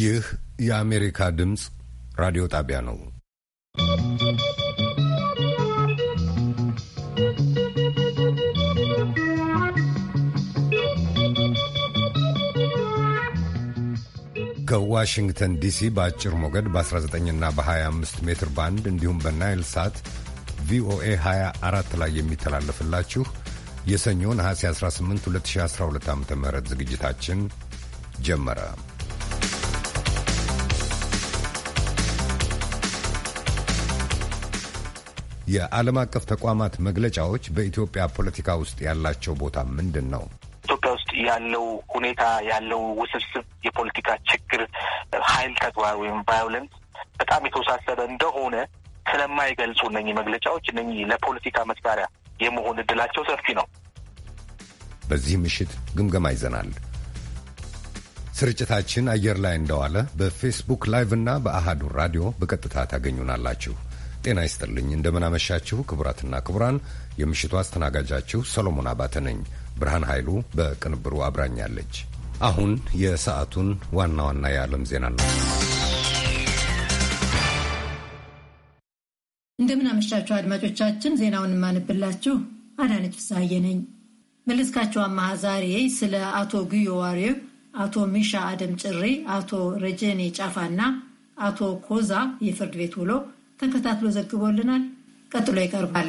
ይህ የአሜሪካ ድምፅ ራዲዮ ጣቢያ ነው። ከዋሽንግተን ዲሲ በአጭር ሞገድ በ19 እና በ25 ሜትር ባንድ እንዲሁም በናይል ሳት ቪኦኤ 24 ላይ የሚተላለፍላችሁ የሰኞ ነሐሴ 18 2012 ዓ ም ዝግጅታችን ጀመረ። የዓለም አቀፍ ተቋማት መግለጫዎች በኢትዮጵያ ፖለቲካ ውስጥ ያላቸው ቦታ ምንድን ነው? ኢትዮጵያ ውስጥ ያለው ሁኔታ ያለው ውስብስብ የፖለቲካ ችግር ኃይል ተግባር ወይም ቫዮለንስ በጣም የተወሳሰበ እንደሆነ ስለማይገልጹ እነኚህ መግለጫዎች እነኚህ ለፖለቲካ መሳሪያ የመሆን እድላቸው ሰፊ ነው። በዚህ ምሽት ግምገማ ይዘናል። ስርጭታችን አየር ላይ እንደዋለ በፌስቡክ ላይቭ እና በአሃዱ ራዲዮ በቀጥታ ታገኙናላችሁ። ጤና ይስጥልኝ፣ እንደምናመሻችሁ ክቡራትና ክቡራን። የምሽቱ አስተናጋጃችሁ ሰሎሞን አባተ ነኝ። ብርሃን ኃይሉ በቅንብሩ አብራኛለች። አሁን የሰዓቱን ዋና ዋና የዓለም ዜና ነው። እንደምን አመሻችሁ አድማጮቻችን። ዜናውን የማነብላችሁ አዳነች ፍስሐዬ ነኝ። መለስካቸው አማሃ ዛሬ ስለ አቶ ጉዮ ዋሬ አቶ ሚሻ አደም ጭሬ፣ አቶ ረጀኔ ጫፋ እና አቶ ኮዛ የፍርድ ቤት ውሎ ተከታትሎ ዘግቦልናል። ቀጥሎ ይቀርባል።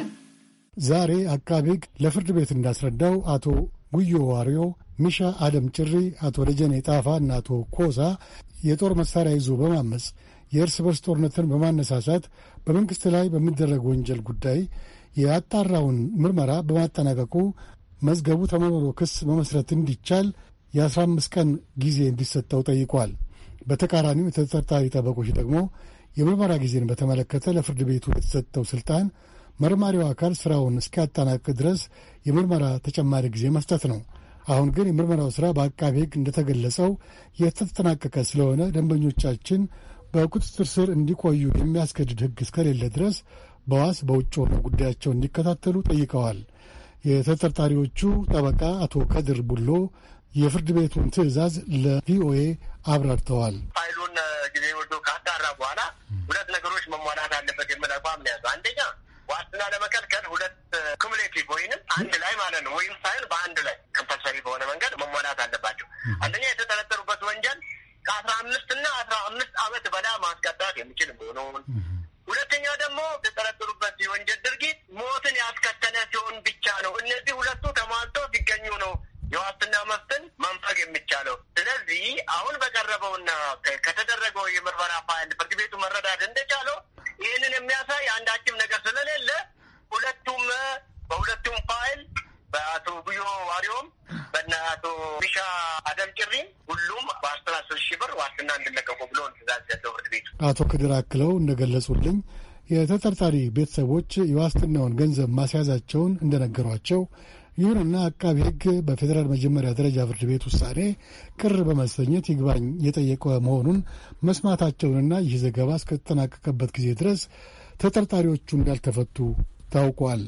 ዛሬ አቃቤ ሕግ ለፍርድ ቤት እንዳስረዳው አቶ ጉዮ ዋሪዮ፣ ሚሻ አደም ጭሪ፣ አቶ ደጀኔ ጣፋ እና አቶ ኮዛ የጦር መሳሪያ ይዞ በማመፅ የእርስ በርስ ጦርነትን በማነሳሳት በመንግሥት ላይ በሚደረግ ወንጀል ጉዳይ የአጣራውን ምርመራ በማጠናቀቁ መዝገቡ ተመርምሮ ክስ መመስረት እንዲቻል የ15 ቀን ጊዜ እንዲሰጠው ጠይቋል። በተቃራኒው የተጠርጣሪ ጠበቆች ደግሞ የምርመራ ጊዜን በተመለከተ ለፍርድ ቤቱ የተሰጠው ስልጣን መርማሪው አካል ስራውን እስኪያጠናቅቅ ድረስ የምርመራ ተጨማሪ ጊዜ መስጠት ነው። አሁን ግን የምርመራው ስራ በአቃቤ ሕግ እንደተገለጸው የተጠናቀቀ ስለሆነ ደንበኞቻችን በቁጥጥር ስር እንዲቆዩ የሚያስገድድ ሕግ እስከሌለ ድረስ በዋስ በውጭ ሆነው ጉዳያቸው እንዲከታተሉ ጠይቀዋል። የተጠርጣሪዎቹ ጠበቃ አቶ ከድር ቡሎ የፍርድ ቤቱን ትዕዛዝ ለቪኦኤ አብራርተዋል። ፋይሉን ጊዜ ወርዶ ካጣራ በኋላ ሁለት ነገሮች መሟላት አለበት የሚል አቋም ነው ያዘው። አንደኛ ዋስትና ለመከልከል ሁለት ኩሙሌቲቭ ወይንም አንድ ላይ ማለት ነው ወይም ሳይል በአንድ ላይ ከምፐልሰሪ በሆነ መንገድ መሟላት አለባቸው። አንደኛ የተጠረጠሩበት ወንጀል ከአስራ አምስት እና አስራ አምስት ዓመት በላይ ማስቀጣት የሚችል መሆኑን ሁለተኛ ደግሞ የተጠረጠሩበት የወንጀል ድርጊት ሞትን ያስከተለ ሲሆን ብቻ ነው። እነዚህ ሁለቱ ተሟልተው ሲገኙ ነው የዋስትና መብትን መንፈግ የሚቻለው። ስለዚህ አሁን በቀረበውና ከተደረገው የምርመራ ፋይል ፍርድ ቤቱ መረዳት እንደቻለው ይህንን የሚያሳይ አንዳችም ነገር ስለሌለ ሁለቱም በሁለቱም ፋይል በአቶ ጉዮ ዋሪዮም በና አቶ ሚሻ አደም ጭሪም ሁሉም በአስራ ሶስት ሺህ ብር ዋስትና እንድለቀቁ ብሎ ትእዛዝ ያለው ፍርድ ቤቱ። አቶ ክድር አክለው እንደገለጹልኝ የተጠርጣሪ ቤተሰቦች የዋስትናውን ገንዘብ ማስያዛቸውን እንደነገሯቸው ይሁንና አቃቢ ሕግ በፌዴራል መጀመሪያ ደረጃ ፍርድ ቤት ውሳኔ ቅር በመሰኘት ይግባኝ የጠየቀ መሆኑን መስማታቸውንና ይህ ዘገባ እስከተጠናቀቀበት ጊዜ ድረስ ተጠርጣሪዎቹ እንዳልተፈቱ ታውቋል።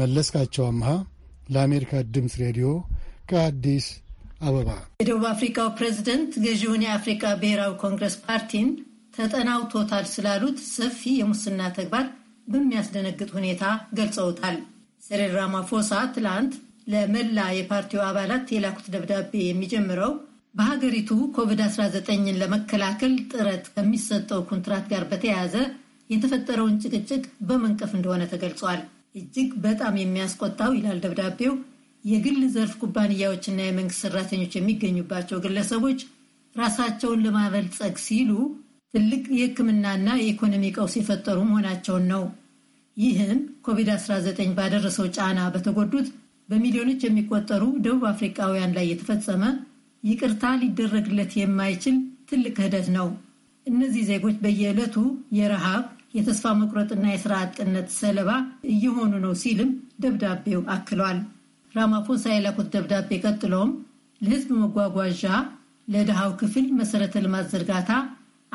መለስካቸው አምሃ ለአሜሪካ ድምፅ ሬዲዮ ከአዲስ አበባ። የደቡብ አፍሪካው ፕሬዚደንት ገዢውን የአፍሪካ ብሔራዊ ኮንግረስ ፓርቲን ተጠናውቶታል ስላሉት ሰፊ የሙስና ተግባር በሚያስደነግጥ ሁኔታ ገልጸውታል። ሰሬል ራማፎሳ ትላንት ለመላ የፓርቲው አባላት የላኩት ደብዳቤ የሚጀምረው በሀገሪቱ ኮቪድ-19ን ለመከላከል ጥረት ከሚሰጠው ኮንትራት ጋር በተያያዘ የተፈጠረውን ጭቅጭቅ በመንቀፍ እንደሆነ ተገልጿል። እጅግ በጣም የሚያስቆጣው ይላል ደብዳቤው የግል ዘርፍ ኩባንያዎችና የመንግስት ሰራተኞች የሚገኙባቸው ግለሰቦች ራሳቸውን ለማበልጸግ ሲሉ ትልቅ የሕክምናና የኢኮኖሚ ቀውስ የፈጠሩ መሆናቸውን ነው። ይህም ኮቪድ-19 ባደረሰው ጫና በተጎዱት በሚሊዮኖች የሚቆጠሩ ደቡብ አፍሪካውያን ላይ የተፈጸመ ይቅርታ ሊደረግለት የማይችል ትልቅ ክህደት ነው። እነዚህ ዜጎች በየዕለቱ የረሃብ የተስፋ መቁረጥና የስራ አጥነት ሰለባ እየሆኑ ነው ሲልም ደብዳቤው አክሏል። ራማፎሳ የላኩት ደብዳቤ ቀጥሎም ለህዝብ መጓጓዣ፣ ለድሃው ክፍል መሰረተ ልማት ዝርጋታ፣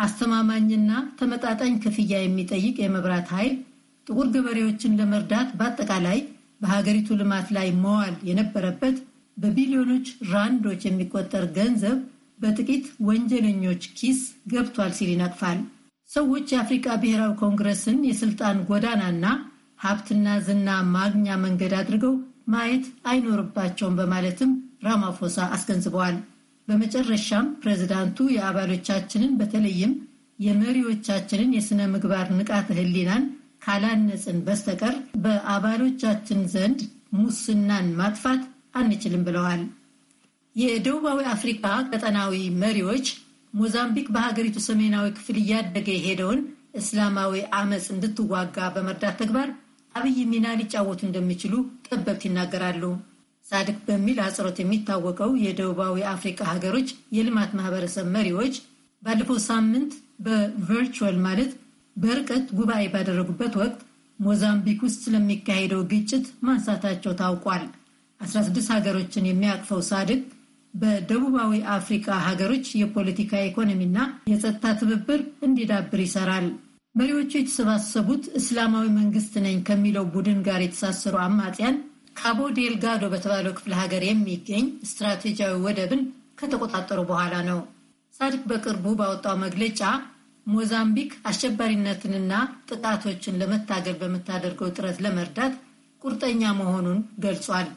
አስተማማኝና ተመጣጣኝ ክፍያ የሚጠይቅ የመብራት ኃይል፣ ጥቁር ገበሬዎችን ለመርዳት በአጠቃላይ በሀገሪቱ ልማት ላይ መዋል የነበረበት በቢሊዮኖች ራንዶች የሚቆጠር ገንዘብ በጥቂት ወንጀለኞች ኪስ ገብቷል ሲል ይነቅፋል። ሰዎች የአፍሪቃ ብሔራዊ ኮንግረስን የስልጣን ጎዳናና ሀብትና ዝና ማግኛ መንገድ አድርገው ማየት አይኖርባቸውም በማለትም ራማፎሳ አስገንዝበዋል። በመጨረሻም ፕሬዚዳንቱ የአባሎቻችንን በተለይም የመሪዎቻችንን የሥነ ምግባር ንቃተ ህሊናን ካላነጽን በስተቀር በአባሎቻችን ዘንድ ሙስናን ማጥፋት አንችልም ብለዋል። የደቡባዊ አፍሪካ ቀጠናዊ መሪዎች ሞዛምቢክ በሀገሪቱ ሰሜናዊ ክፍል እያደገ የሄደውን እስላማዊ አመፅ እንድትዋጋ በመርዳት ተግባር አብይ ሚና ሊጫወቱ እንደሚችሉ ጠበብት ይናገራሉ። ሳድክ በሚል አጽሮት የሚታወቀው የደቡባዊ አፍሪካ ሀገሮች የልማት ማህበረሰብ መሪዎች ባለፈው ሳምንት በቨርቹዋል ማለት በርቀት ጉባኤ ባደረጉበት ወቅት ሞዛምቢክ ውስጥ ስለሚካሄደው ግጭት ማንሳታቸው ታውቋል። 16 ሀገሮችን የሚያቅፈው ሳድክ በደቡባዊ አፍሪካ ሀገሮች የፖለቲካ ኢኮኖሚና የጸጥታ ትብብር እንዲዳብር ይሰራል። መሪዎቹ የተሰባሰቡት እስላማዊ መንግስት ነኝ ከሚለው ቡድን ጋር የተሳሰሩ አማጽያን ካቦ ዴልጋዶ በተባለው ክፍለ ሀገር የሚገኝ ስትራቴጂያዊ ወደብን ከተቆጣጠሩ በኋላ ነው። ሳዲክ በቅርቡ ባወጣው መግለጫ ሞዛምቢክ አሸባሪነትንና ጥቃቶችን ለመታገል በምታደርገው ጥረት ለመርዳት ቁርጠኛ መሆኑን ገልጿል።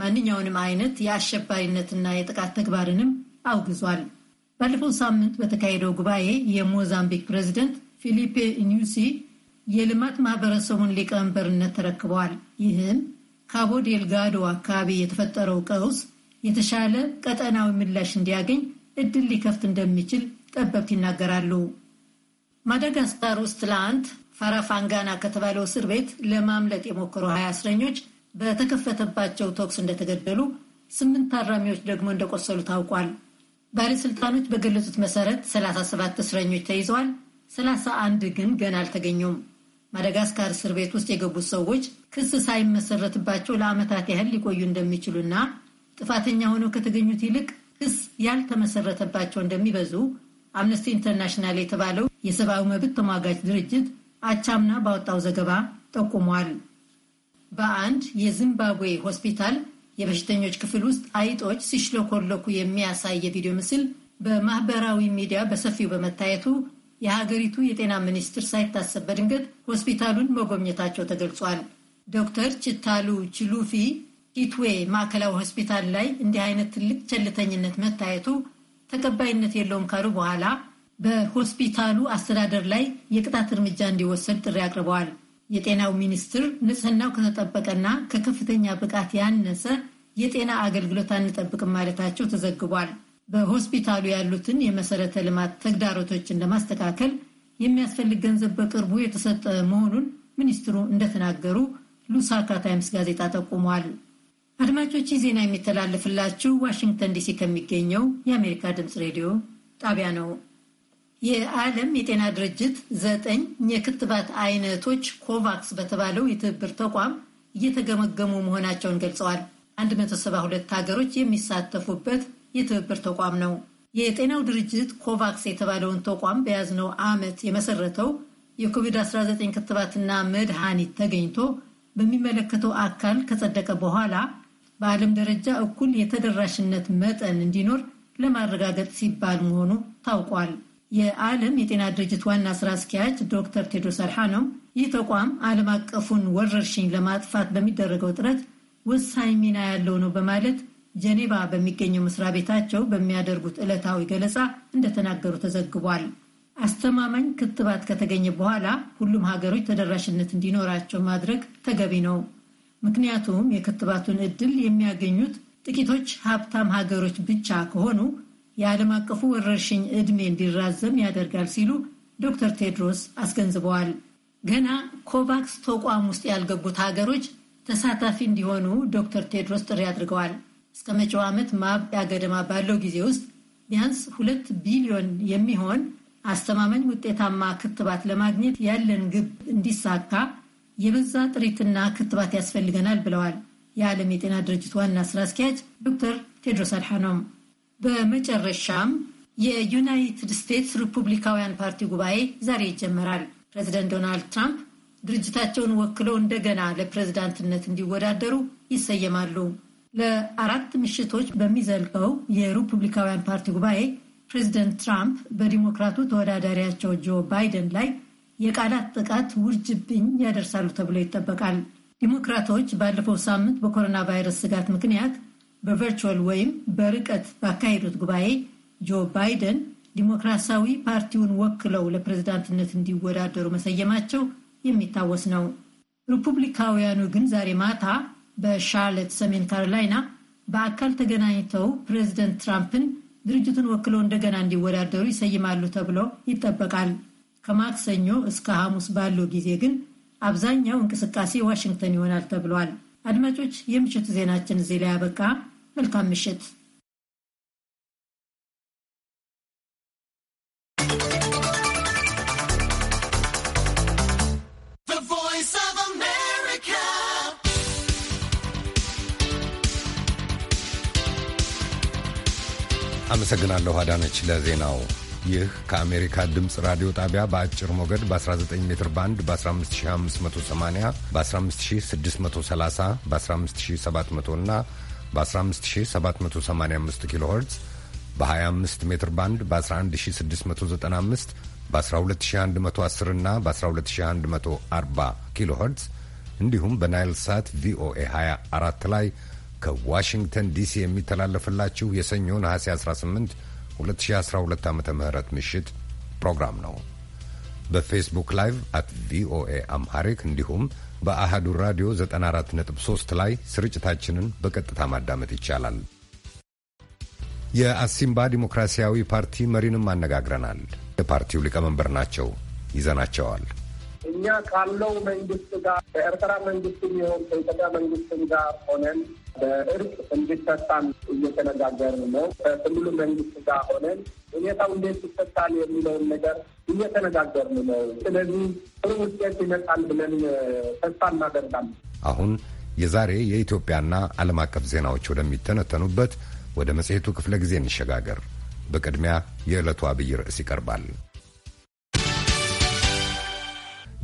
ማንኛውንም አይነት የአሸባሪነትና የጥቃት ተግባርንም አውግዟል። ባለፈው ሳምንት በተካሄደው ጉባኤ የሞዛምቢክ ፕሬዚደንት ፊሊፔ ኒዩሲ የልማት ማህበረሰቡን ሊቀመንበርነት ተረክበዋል። ይህም ካቦ ዴልጋዶ አካባቢ የተፈጠረው ቀውስ የተሻለ ቀጠናዊ ምላሽ እንዲያገኝ እድል ሊከፍት እንደሚችል ጠበብት ይናገራሉ። ማዳጋስካር ውስጥ ትላንት ፋራፋንጋና ከተባለው እስር ቤት ለማምለጥ የሞከሩ ሀያ እስረኞች በተከፈተባቸው ተኩስ እንደተገደሉ፣ ስምንት ታራሚዎች ደግሞ እንደቆሰሉ ታውቋል። ባለሥልጣኖች በገለጹት መሰረት 37 እስረኞች ተይዘዋል፣ 31 ግን ገና አልተገኙም። ማዳጋስካር እስር ቤት ውስጥ የገቡት ሰዎች ክስ ሳይመሰረትባቸው ለዓመታት ያህል ሊቆዩ እንደሚችሉና ጥፋተኛ ሆነው ከተገኙት ይልቅ ክስ ያልተመሰረተባቸው እንደሚበዙ አምነስቲ ኢንተርናሽናል የተባለው የሰብአዊ መብት ተሟጋች ድርጅት አቻምና ባወጣው ዘገባ ጠቁሟል። በአንድ የዚምባብዌ ሆስፒታል የበሽተኞች ክፍል ውስጥ አይጦች ሲሽለኮለኩ የሚያሳይ የቪዲዮ ምስል በማህበራዊ ሚዲያ በሰፊው በመታየቱ የሀገሪቱ የጤና ሚኒስትር ሳይታሰብ በድንገት ሆስፒታሉን መጎብኘታቸው ተገልጿል። ዶክተር ችታሉ ችሉፊ ኪትዌ ማዕከላዊ ሆስፒታል ላይ እንዲህ አይነት ትልቅ ቸልተኝነት መታየቱ ተቀባይነት የለውም ካሉ በኋላ በሆስፒታሉ አስተዳደር ላይ የቅጣት እርምጃ እንዲወሰድ ጥሪ አቅርበዋል። የጤናው ሚኒስትር ንጽህናው ከተጠበቀና ከከፍተኛ ብቃት ያነሰ የጤና አገልግሎት አንጠብቅም ማለታቸው ተዘግቧል። በሆስፒታሉ ያሉትን የመሰረተ ልማት ተግዳሮቶችን ለማስተካከል የሚያስፈልግ ገንዘብ በቅርቡ የተሰጠ መሆኑን ሚኒስትሩ እንደተናገሩ ሉሳካ ታይምስ ጋዜጣ ጠቁሟል። አድማጮች፣ ዜና የሚተላለፍላችሁ ዋሽንግተን ዲሲ ከሚገኘው የአሜሪካ ድምፅ ሬዲዮ ጣቢያ ነው። የዓለም የጤና ድርጅት ዘጠኝ የክትባት አይነቶች ኮቫክስ በተባለው የትብብር ተቋም እየተገመገሙ መሆናቸውን ገልጸዋል። 172 ሀገሮች የሚሳተፉበት የትብብር ተቋም ነው። የጤናው ድርጅት ኮቫክስ የተባለውን ተቋም በያዝነው ዓመት የመሰረተው የኮቪድ-19 ክትባትና መድኃኒት ተገኝቶ በሚመለከተው አካል ከጸደቀ በኋላ በዓለም ደረጃ እኩል የተደራሽነት መጠን እንዲኖር ለማረጋገጥ ሲባል መሆኑ ታውቋል። የዓለም የጤና ድርጅት ዋና ስራ አስኪያጅ ዶክተር ቴድሮስ አድሓኖም ይህ ተቋም ዓለም አቀፉን ወረርሽኝ ለማጥፋት በሚደረገው ጥረት ወሳኝ ሚና ያለው ነው በማለት ጀኔቫ በሚገኘው መስሪያ ቤታቸው በሚያደርጉት ዕለታዊ ገለጻ እንደተናገሩ ተዘግቧል። አስተማማኝ ክትባት ከተገኘ በኋላ ሁሉም ሀገሮች ተደራሽነት እንዲኖራቸው ማድረግ ተገቢ ነው። ምክንያቱም የክትባቱን ዕድል የሚያገኙት ጥቂቶች ሀብታም ሀገሮች ብቻ ከሆኑ የዓለም አቀፉ ወረርሽኝ ዕድሜ እንዲራዘም ያደርጋል ሲሉ ዶክተር ቴድሮስ አስገንዝበዋል። ገና ኮቫክስ ተቋም ውስጥ ያልገቡት ሀገሮች ተሳታፊ እንዲሆኑ ዶክተር ቴድሮስ ጥሪ አድርገዋል። እስከ መጪው ዓመት ማብቂያ ገደማ ባለው ጊዜ ውስጥ ቢያንስ ሁለት ቢሊዮን የሚሆን አስተማማኝ ውጤታማ ክትባት ለማግኘት ያለን ግብ እንዲሳካ የበዛ ጥሪትና ክትባት ያስፈልገናል ብለዋል የዓለም የጤና ድርጅት ዋና ስራ አስኪያጅ ዶክተር ቴድሮስ አድሓኖም። በመጨረሻም የዩናይትድ ስቴትስ ሪፑብሊካውያን ፓርቲ ጉባኤ ዛሬ ይጀመራል። ፕሬዚደንት ዶናልድ ትራምፕ ድርጅታቸውን ወክለው እንደገና ለፕሬዝዳንትነት እንዲወዳደሩ ይሰየማሉ። ለአራት ምሽቶች በሚዘልቀው የሪፑብሊካውያን ፓርቲ ጉባኤ ፕሬዚደንት ትራምፕ በዲሞክራቱ ተወዳዳሪያቸው ጆ ባይደን ላይ የቃላት ጥቃት ውርጅብኝ ያደርሳሉ ተብሎ ይጠበቃል። ዲሞክራቶች ባለፈው ሳምንት በኮሮና ቫይረስ ስጋት ምክንያት በቨርቹዋል ወይም በርቀት ባካሄዱት ጉባኤ ጆ ባይደን ዲሞክራሲያዊ ፓርቲውን ወክለው ለፕሬዝዳንትነት እንዲወዳደሩ መሰየማቸው የሚታወስ ነው። ሪፑብሊካውያኑ ግን ዛሬ ማታ በሻርለት ሰሜን ካሮላይና በአካል ተገናኝተው ፕሬዚደንት ትራምፕን ድርጅቱን ወክለው እንደገና እንዲወዳደሩ ይሰይማሉ ተብሎ ይጠበቃል። ከማክሰኞ እስከ ሐሙስ ባለው ጊዜ ግን አብዛኛው እንቅስቃሴ ዋሽንግተን ይሆናል ተብሏል። አድማጮች፣ የምሽቱ ዜናችን እዚህ ላይ አበቃ። መልካም ምሽት። አመሰግናለሁ አዳነች ለዜናው። ይህ ከአሜሪካ ድምፅ ራዲዮ ጣቢያ በአጭር ሞገድ በ19 ሜትር ባንድ በ15580 በ15630 በ15700 እና በ15785 ኪሎ ሄርዝ በ25 ሜትር ባንድ በ11695 በ12110 እና በ12140 ኪሎ ሄርዝ እንዲሁም በናይል ሳት ቪኦኤ 24 ላይ ከዋሽንግተን ዲሲ የሚተላለፍላችሁ የሰኞ ነሐሴ 18 2012 ዓ ም ምሽት ፕሮግራም ነው። በፌስቡክ ላይቭ አት ቪኦኤ አምሃሪክ እንዲሁም በአህዱ ራዲዮ 94.3 ላይ ስርጭታችንን በቀጥታ ማዳመጥ ይቻላል። የአሲምባ ዲሞክራሲያዊ ፓርቲ መሪንም አነጋግረናል። የፓርቲው ሊቀመንበር ናቸው። ይዘናቸዋል። እኛ ካለው መንግስት ጋር በኤርትራ መንግስትም ይሁን ከኢትዮጵያ መንግስትም ጋር ሆነን በእርቅ እንዲፈታም እየተነጋገርን ነው። ከክልሉ መንግስት ጋር ሆነን ሁኔታው እንዴት ይፈታል የሚለውን ነገር እየተነጋገርን ነው። ስለዚህ ጥሩ ውጤት ይመጣል ብለን ተስፋ እናደርጋለን። አሁን የዛሬ የኢትዮጵያና ዓለም አቀፍ ዜናዎች ወደሚተነተኑበት ወደ መጽሔቱ ክፍለ ጊዜ እንሸጋገር። በቅድሚያ የዕለቱ አብይ ርዕስ ይቀርባል።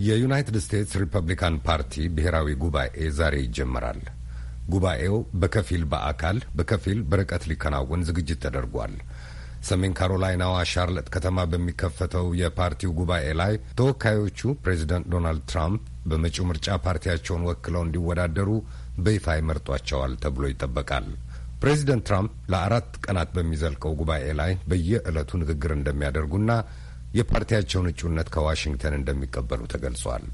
የዩናይትድ ስቴትስ ሪፐብሊካን ፓርቲ ብሔራዊ ጉባኤ ዛሬ ይጀመራል። ጉባኤው በከፊል በአካል በከፊል በርቀት ሊከናወን ዝግጅት ተደርጓል። ሰሜን ካሮላይናዋ ሻርለት ከተማ በሚከፈተው የፓርቲው ጉባኤ ላይ ተወካዮቹ ፕሬዚደንት ዶናልድ ትራምፕ በመጪው ምርጫ ፓርቲያቸውን ወክለው እንዲወዳደሩ በይፋ ይመርጧቸዋል ተብሎ ይጠበቃል። ፕሬዚደንት ትራምፕ ለአራት ቀናት በሚዘልቀው ጉባኤ ላይ በየዕለቱ ንግግር እንደሚያደርጉና የፓርቲያቸውን እጩነት ከዋሽንግተን እንደሚቀበሉ ተገልጿል።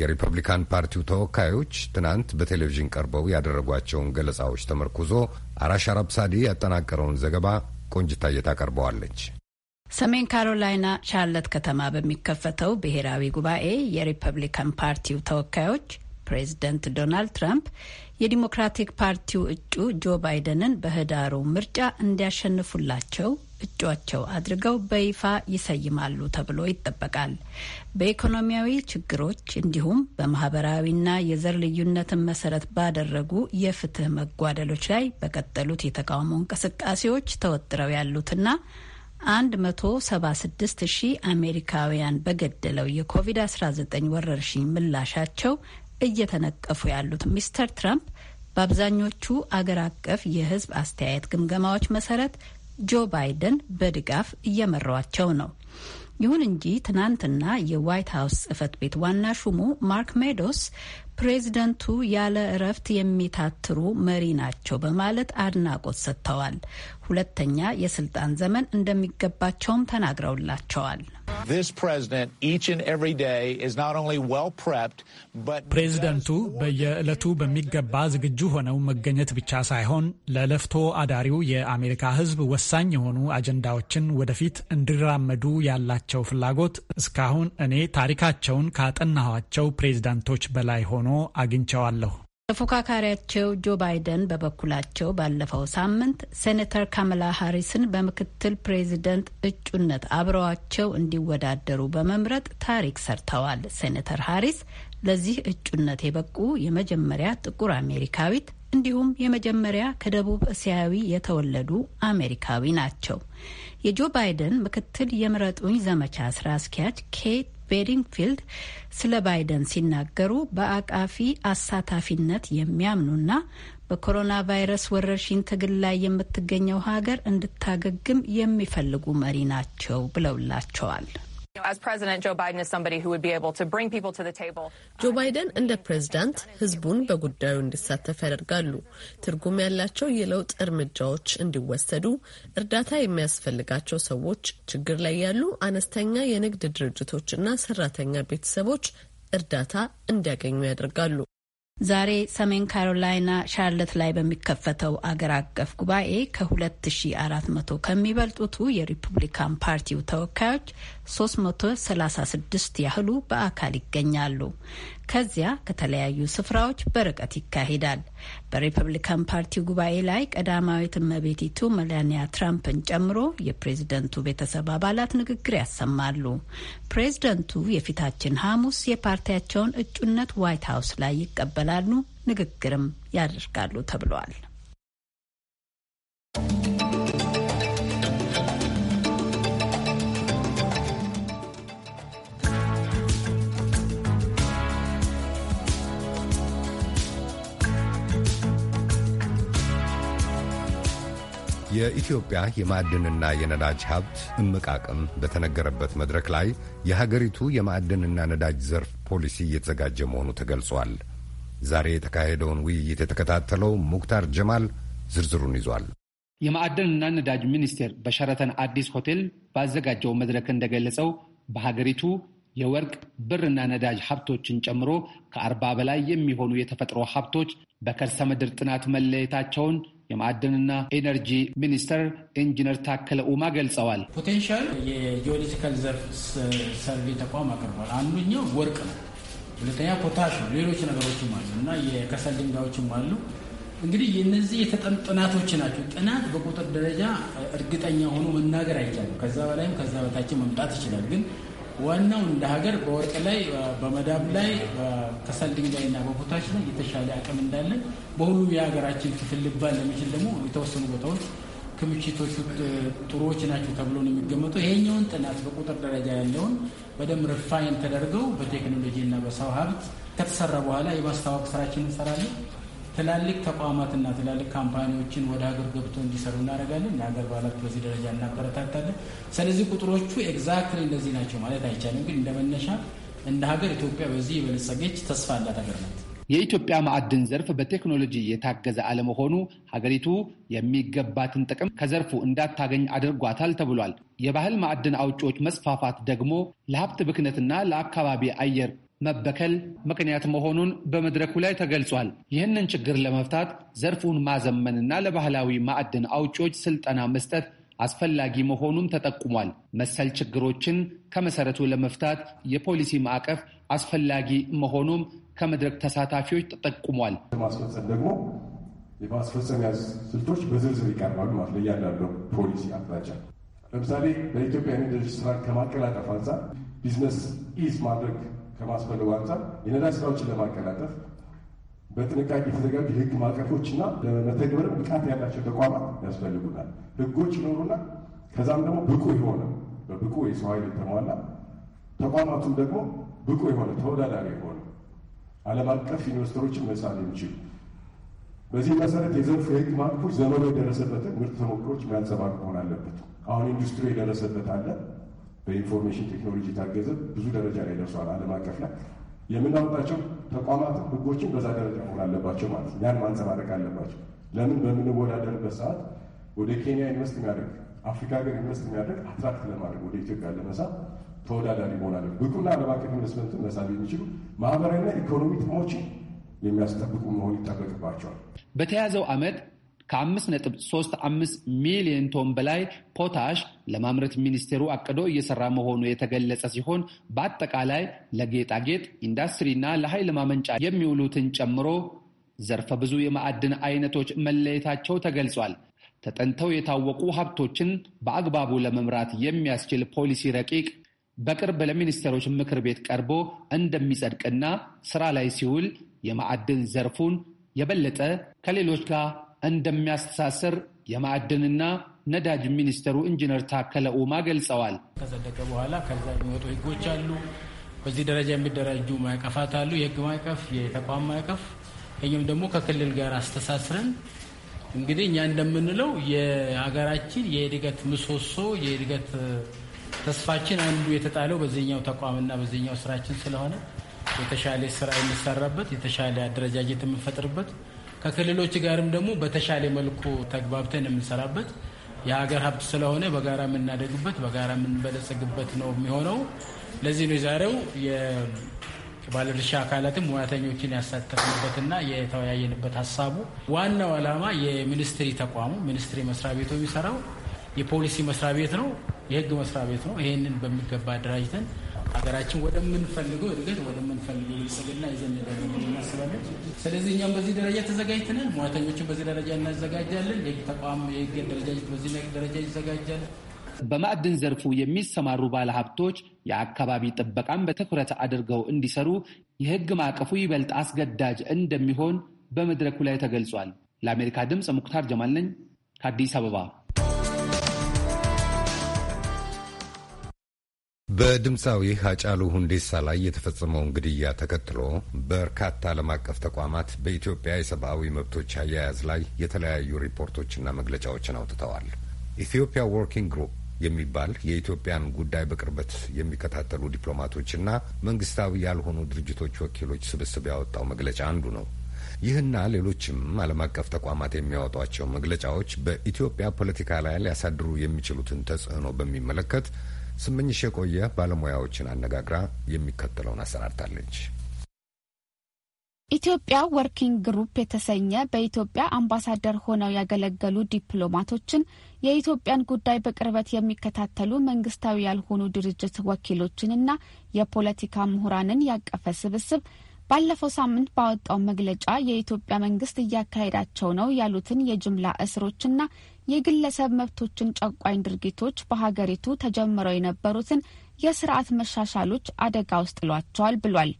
የሪፐብሊካን ፓርቲው ተወካዮች ትናንት በቴሌቪዥን ቀርበው ያደረጓቸውን ገለጻዎች ተመርኩዞ አራሽ አራብሳዲ ያጠናቀረውን ዘገባ ቆንጅታዬ ታቀርበዋለች። ሰሜን ካሮላይና ቻርለት ከተማ በሚከፈተው ብሔራዊ ጉባኤ የሪፐብሊካን ፓርቲው ተወካዮች ፕሬዚደንት ዶናልድ ትራምፕ የዲሞክራቲክ ፓርቲው እጩ ጆ ባይደንን በህዳሩ ምርጫ እንዲያሸንፉላቸው እጇቸው አድርገው በይፋ ይሰይማሉ ተብሎ ይጠበቃል። በኢኮኖሚያዊ ችግሮች እንዲሁም በማህበራዊና የዘር ልዩነትን መሰረት ባደረጉ የፍትህ መጓደሎች ላይ በቀጠሉት የተቃውሞ እንቅስቃሴዎች ተወጥረው ያሉትና 176 ሺህ አሜሪካውያን በገደለው የኮቪድ-19 ወረርሽኝ ምላሻቸው እየተነቀፉ ያሉት ሚስተር ትራምፕ በአብዛኞቹ አገር አቀፍ የህዝብ አስተያየት ግምገማዎች መሰረት ጆ ባይደን በድጋፍ እየመሯቸው ነው። ይሁን እንጂ ትናንትና የዋይት ሀውስ ጽህፈት ቤት ዋና ሹሙ ማርክ ሜዶስ ፕሬዚደንቱ ያለ እረፍት የሚታትሩ መሪ ናቸው በማለት አድናቆት ሰጥተዋል። ሁለተኛ የስልጣን ዘመን እንደሚገባቸውም ተናግረውላቸዋል። ፕሬዝደንቱ በየዕለቱ በሚገባ ዝግጁ ሆነው መገኘት ብቻ ሳይሆን ለለፍቶ አዳሪው የአሜሪካ ሕዝብ ወሳኝ የሆኑ አጀንዳዎችን ወደፊት እንዲራመዱ ያላቸው ፍላጎት እስካሁን እኔ ታሪካቸውን ካጠናኋቸው ፕሬዚዳንቶች በላይ ሆኖ አግኝቸዋለሁ። ተፎካካሪያቸው ጆ ባይደን በበኩላቸው ባለፈው ሳምንት ሴኔተር ካመላ ሃሪስን በምክትል ፕሬዚደንት እጩነት አብረዋቸው እንዲወዳደሩ በመምረጥ ታሪክ ሰርተዋል። ሴኔተር ሃሪስ ለዚህ እጩነት የበቁ የመጀመሪያ ጥቁር አሜሪካዊት እንዲሁም የመጀመሪያ ከደቡብ እስያዊ የተወለዱ አሜሪካዊ ናቸው። የጆ ባይደን ምክትል የምረጡኝ ዘመቻ ስራ አስኪያጅ ኬት ቤዲንግፊልድ ስለ ባይደን ሲናገሩ በአቃፊ አሳታፊነት የሚያምኑና በኮሮና ቫይረስ ወረርሽኝ ትግል ላይ የምትገኘው ሀገር እንድታገግም የሚፈልጉ መሪ ናቸው ብለውላቸዋል። ጆ ባይደን uh, እንደ ፕሬዝዳንት ህዝቡን በጉዳዩ እንዲሳተፍ ያደርጋሉ። ትርጉም ያላቸው የለውጥ እርምጃዎች እንዲወሰዱ፣ እርዳታ የሚያስፈልጋቸው ሰዎች፣ ችግር ላይ ያሉ አነስተኛ የንግድ ድርጅቶችና ሰራተኛ ቤተሰቦች እርዳታ እንዲያገኙ ያደርጋሉ። ዛሬ ሰሜን ካሮላይና ሻርለት ላይ በሚከፈተው አገር አቀፍ ጉባኤ ከ2400 ከሚበልጡቱ የሪፑብሊካን ፓርቲው ተወካዮች 336 ያህሉ በአካል ይገኛሉ። ከዚያ ከተለያዩ ስፍራዎች በርቀት ይካሄዳል። በሪፐብሊካን ፓርቲ ጉባኤ ላይ ቀዳማዊት እመቤቲቱ መላኒያ ትራምፕን ጨምሮ የፕሬዝደንቱ ቤተሰብ አባላት ንግግር ያሰማሉ። ፕሬዝደንቱ የፊታችን ሐሙስ የፓርቲያቸውን እጩነት ዋይት ሀውስ ላይ ይቀበላሉ፣ ንግግርም ያደርጋሉ ተብሏል። የኢትዮጵያ የማዕድንና የነዳጅ ሀብት እምቅ አቅም በተነገረበት መድረክ ላይ የሀገሪቱ የማዕድንና ነዳጅ ዘርፍ ፖሊሲ እየተዘጋጀ መሆኑ ተገልጿል። ዛሬ የተካሄደውን ውይይት የተከታተለው ሙክታር ጀማል ዝርዝሩን ይዟል። የማዕድንና ነዳጅ ሚኒስቴር በሸረተን አዲስ ሆቴል ባዘጋጀው መድረክ እንደገለጸው በሀገሪቱ የወርቅ ብርና ነዳጅ ሀብቶችን ጨምሮ ከአርባ በላይ የሚሆኑ የተፈጥሮ ሀብቶች በከርሰ ምድር ጥናት መለየታቸውን የማዕድንና ኤነርጂ ሚኒስተር ኢንጂነር ታከለ ኡማ ገልጸዋል። ፖቴንሻል የጂኦሎጂካል ዘርፍ ሰርቬ ተቋም አቅርቧል። አንዱኛው ወርቅ ነው። ሁለተኛ ፖታሽ ነው። ሌሎች ነገሮችም አሉ እና የከሰል ድንጋዮችም አሉ። እንግዲህ እነዚህ የተጠም ጥናቶች ናቸው። ጥናት በቁጥር ደረጃ እርግጠኛ ሆኖ መናገር አይቻልም። ከዛ በላይም ከዛ በታችን መምጣት ይችላል ግን ዋናው እንደ ሀገር በወርቅ ላይ በመዳብ ላይ ከሰል ድንጋይ እና በፖታሽ ላይ የተሻለ አቅም እንዳለን በሁሉም የሀገራችን ክፍል ልባል ለሚችል ደግሞ የተወሰኑ ቦታዎች ክምችቶቹ ጥሩዎች ናቸው ተብሎ ነው የሚገመጡ። ይሄኛውን ጥናት በቁጥር ደረጃ ያለውን በደንብ ርፋይን ተደርገው በቴክኖሎጂ እና በሰው ሀብት ከተሰራ በኋላ የማስታወቅ ስራችን እንሰራለን። ትላልቅ ተቋማትና ትላልቅ ካምፓኒዎችን ወደ ሀገር ገብቶ እንዲሰሩ እናደርጋለን። የሀገር ባላት በዚህ ደረጃ እናበረታታለን። ስለዚህ ቁጥሮቹ ኤግዛክትሊ እንደዚህ ናቸው ማለት አይቻልም፣ ግን እንደ መነሻ እንደ ሀገር ኢትዮጵያ በዚህ የበለጸገች ተስፋ አላት ሀገር ናት። የኢትዮጵያ ማዕድን ዘርፍ በቴክኖሎጂ የታገዘ አለመሆኑ ሀገሪቱ የሚገባትን ጥቅም ከዘርፉ እንዳታገኝ አድርጓታል ተብሏል። የባህል ማዕድን አውጪዎች መስፋፋት ደግሞ ለሀብት ብክነትና ለአካባቢ አየር መበከል ምክንያት መሆኑን በመድረኩ ላይ ተገልጿል። ይህንን ችግር ለመፍታት ዘርፉን ማዘመንና ለባህላዊ ማዕድን አውጪዎች ስልጠና መስጠት አስፈላጊ መሆኑም ተጠቁሟል። መሰል ችግሮችን ከመሰረቱ ለመፍታት የፖሊሲ ማዕቀፍ አስፈላጊ መሆኑም ከመድረክ ተሳታፊዎች ተጠቁሟል። ማስፈጸም ደግሞ የማስፈጸሚያ ስልቶች በዝርዝር ይቀርባሉ ማለት ለእያንዳንዱ ፖሊሲ አቅጣጫ ለምሳሌ በኢትዮጵያ ኢንዱስትሪ ስራ ከማቀላጠፍ አንጻር ቢዝነስ ኢዝ ማድረግ ከማስፈለጉ አንጻር የነዳጅ ስራዎችን ለማቀላጠፍ በጥንቃቄ የተዘጋጁ የህግ ማዕቀፎችና ለመተግበርም ብቃት ያላቸው ተቋማት ያስፈልጉናል። ህጎች ይኖሩና ከዛም ደግሞ ብቁ የሆነ በብቁ የሰው ኃይል የተሟላ ተቋማቱም ደግሞ ብቁ የሆነ ተወዳዳሪ የሆነ ዓለም አቀፍ ኢንቨስተሮችን መሳብ የሚችሉ በዚህ መሰረት የዘርፉ የህግ ማዕቀፎች ዘመኑ የደረሰበትን ምርት ተሞክሮች የሚያንጸባርቅ መሆን አለበት። አሁን ኢንዱስትሪ የደረሰበት አለ በኢንፎርሜሽን ቴክኖሎጂ ታገዘ ብዙ ደረጃ ላይ ደርሷል። ዓለም አቀፍ ላይ የምናወጣቸው ተቋማት ህጎችን በዛ ደረጃ መሆን አለባቸው ማለት ነው። ያን ማንጸባረቅ አለባቸው። ለምን በምንወዳደርበት ሰዓት ወደ ኬንያ ኢንቨስት የሚያደርግ አፍሪካ ሀገር ኢንቨስት የሚያደርግ አትራክት ለማድረግ ወደ ኢትዮጵያ ለመሳብ ተወዳዳሪ መሆን አለ። ብቁና ዓለም አቀፍ ኢንቨስትመንትን መሳብ የሚችሉ ማህበራዊና ኢኮኖሚ ጥቅሞችን የሚያስጠብቁ መሆን ይጠበቅባቸዋል። በተያዘው ዓመት ከ5.35 ሚሊዮን ቶን በላይ ፖታሽ ለማምረት ሚኒስቴሩ አቅዶ እየሰራ መሆኑ የተገለጸ ሲሆን በአጠቃላይ ለጌጣጌጥ ኢንዱስትሪና ለኃይል ማመንጫ የሚውሉትን ጨምሮ ዘርፈ ብዙ የማዕድን አይነቶች መለየታቸው ተገልጿል። ተጠንተው የታወቁ ሀብቶችን በአግባቡ ለመምራት የሚያስችል ፖሊሲ ረቂቅ በቅርብ ለሚኒስቴሮች ምክር ቤት ቀርቦ እንደሚጸድቅና ስራ ላይ ሲውል የማዕድን ዘርፉን የበለጠ ከሌሎች ጋር እንደሚያስተሳስር የማዕድንና ነዳጅ ሚኒስተሩ ኢንጂነር ታከለ ኡማ ገልጸዋል። ከጸደቀ በኋላ ከዛ የሚወጡ ህጎች አሉ። በዚህ ደረጃ የሚደራጁ ማዕቀፋት አሉ። የህግ ማዕቀፍ፣ የተቋም ማዕቀፍ እኛም ደግሞ ከክልል ጋር አስተሳስረን እንግዲህ እኛ እንደምንለው የሀገራችን የእድገት ምሰሶ የእድገት ተስፋችን አንዱ የተጣለው በዚህኛው ተቋምና በዚህኛው ስራችን ስለሆነ የተሻለ ስራ የሚሰራበት የተሻለ አደረጃጀት የምፈጥርበት። ከክልሎች ጋርም ደግሞ በተሻለ መልኩ ተግባብተን የምንሰራበት የሀገር ሀብት ስለሆነ በጋራ የምናደግበት በጋራ የምንበለጸግበት ነው የሚሆነው። ለዚህ ነው የዛሬው የባለድርሻ አካላትም ሙያተኞችን ያሳተፍንበትና የተወያየንበት ሀሳቡ ዋናው ዓላማ የሚኒስትሪ ተቋሙ ሚኒስትሪ መስሪያ ቤቱ የሚሰራው የፖሊሲ መስሪያ ቤት ነው፣ የህግ መስሪያ ቤት ነው። ይህንን በሚገባ አደራጅተን ሀገራችን ወደምንፈልገው እድገት ወደምንፈልገው ብልጽግና ይዘን እናስባለን። ስለዚህ እኛም በዚህ ደረጃ ተዘጋጅተናል። ሙያተኞችን በዚህ ደረጃ እናዘጋጃለን። የህግ ተቋም የህግ አደረጃጀት በዚህ ደረጃ ይዘጋጃል። በማዕድን ዘርፉ የሚሰማሩ ባለሀብቶች የአካባቢ ጥበቃን በትኩረት አድርገው እንዲሰሩ የህግ ማዕቀፉ ይበልጥ አስገዳጅ እንደሚሆን በመድረኩ ላይ ተገልጿል። ለአሜሪካ ድምፅ ሙክታር ጀማል ነኝ ከአዲስ አበባ። በድምፃዊ ሀጫሉ ሁንዴሳ ላይ የተፈጸመውን ግድያ ተከትሎ በርካታ ዓለም አቀፍ ተቋማት በኢትዮጵያ የሰብአዊ መብቶች አያያዝ ላይ የተለያዩ ሪፖርቶችና መግለጫዎችን አውጥተዋል። ኢትዮጵያ ወርኪንግ ግሩፕ የሚባል የኢትዮጵያን ጉዳይ በቅርበት የሚከታተሉ ዲፕሎማቶችና መንግስታዊ ያልሆኑ ድርጅቶች ወኪሎች ስብስብ ያወጣው መግለጫ አንዱ ነው። ይህና ሌሎችም ዓለም አቀፍ ተቋማት የሚያወጧቸው መግለጫዎች በኢትዮጵያ ፖለቲካ ላይ ሊያሳድሩ የሚችሉትን ተጽዕኖ በሚመለከት ስመኝሽ የቆየ ባለሙያዎችን አነጋግራ የሚከተለውን አሰናድታለች። ኢትዮጵያ ወርኪንግ ግሩፕ የተሰኘ በኢትዮጵያ አምባሳደር ሆነው ያገለገሉ ዲፕሎማቶችን የኢትዮጵያን ጉዳይ በቅርበት የሚከታተሉ መንግስታዊ ያልሆኑ ድርጅት ወኪሎችንና የፖለቲካ ምሁራንን ያቀፈ ስብስብ ባለፈው ሳምንት ባወጣው መግለጫ የኢትዮጵያ መንግስት እያካሄዳቸው ነው ያሉትን የጅምላ እስሮችና የግለሰብ መብቶችን ጨቋኝ ድርጊቶች በሀገሪቱ ተጀምረው የነበሩትን የስርዓት መሻሻሎች አደጋ ውስጥ ጥሏቸዋል ብሏል።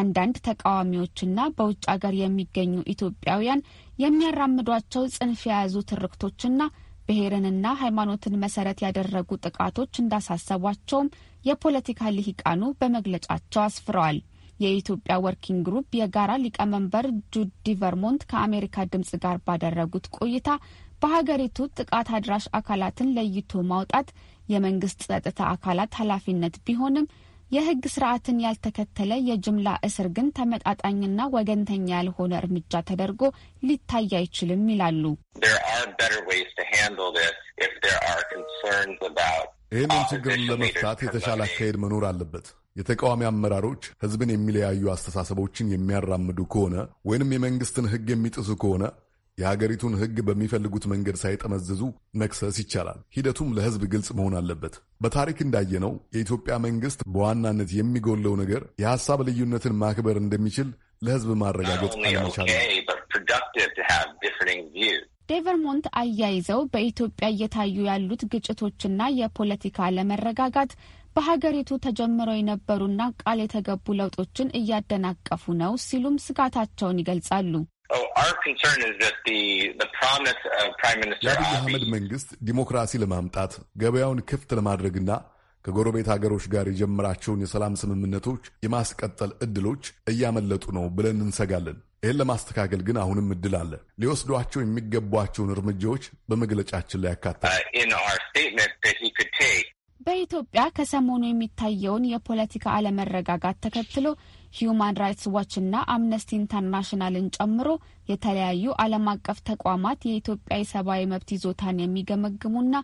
አንዳንድ ተቃዋሚዎችና በውጭ አገር የሚገኙ ኢትዮጵያውያን የሚያራምዷቸው ጽንፍ የያዙ ትርክቶችና ብሔርንና ሃይማኖትን መሰረት ያደረጉ ጥቃቶች እንዳሳሰቧቸውም የፖለቲካ ልሂቃኑ በመግለጫቸው አስፍረዋል። የኢትዮጵያ ወርኪንግ ግሩፕ የጋራ ሊቀመንበር ጁዲ ቨርሞንት ከአሜሪካ ድምጽ ጋር ባደረጉት ቆይታ በሀገሪቱ ጥቃት አድራሽ አካላትን ለይቶ ማውጣት የመንግስት ጸጥታ አካላት ኃላፊነት ቢሆንም የህግ ስርዓትን ያልተከተለ የጅምላ እስር ግን ተመጣጣኝና ወገንተኛ ያልሆነ እርምጃ ተደርጎ ሊታይ አይችልም ይላሉ። ይህንን ችግር ለመፍታት የተሻለ አካሄድ መኖር አለበት። የተቃዋሚ አመራሮች ህዝብን የሚለያዩ አስተሳሰቦችን የሚያራምዱ ከሆነ ወይንም የመንግስትን ህግ የሚጥሱ ከሆነ የሀገሪቱን ሕግ በሚፈልጉት መንገድ ሳይጠመዝዙ መክሰስ ይቻላል። ሂደቱም ለሕዝብ ግልጽ መሆን አለበት። በታሪክ እንዳየነው የኢትዮጵያ መንግስት በዋናነት የሚጎለው ነገር የሀሳብ ልዩነትን ማክበር እንደሚችል ለሕዝብ ማረጋገጥ አለመቻል ዴቨርሞንት አያይዘው በኢትዮጵያ እየታዩ ያሉት ግጭቶችና የፖለቲካ አለመረጋጋት በሀገሪቱ ተጀምረው የነበሩና ቃል የተገቡ ለውጦችን እያደናቀፉ ነው ሲሉም ስጋታቸውን ይገልጻሉ። የአብይ አህመድ መንግስት ዲሞክራሲ ለማምጣት ገበያውን ክፍት ለማድረግና ከጎረቤት ሀገሮች ጋር የጀመራቸውን የሰላም ስምምነቶች የማስቀጠል እድሎች እያመለጡ ነው ብለን እንሰጋለን። ይህን ለማስተካከል ግን አሁንም እድል አለ። ሊወስዷቸው የሚገቧቸውን እርምጃዎች በመግለጫችን ላይ ያካትታል። uh, በኢትዮጵያ ከሰሞኑ የሚታየውን የፖለቲካ አለመረጋጋት ተከትሎ ሂዩማን ራይትስ ዋችና አምነስቲ ኢንተርናሽናልን ጨምሮ የተለያዩ ዓለም አቀፍ ተቋማት የኢትዮጵያ የሰብአዊ መብት ይዞታን የሚገመግሙና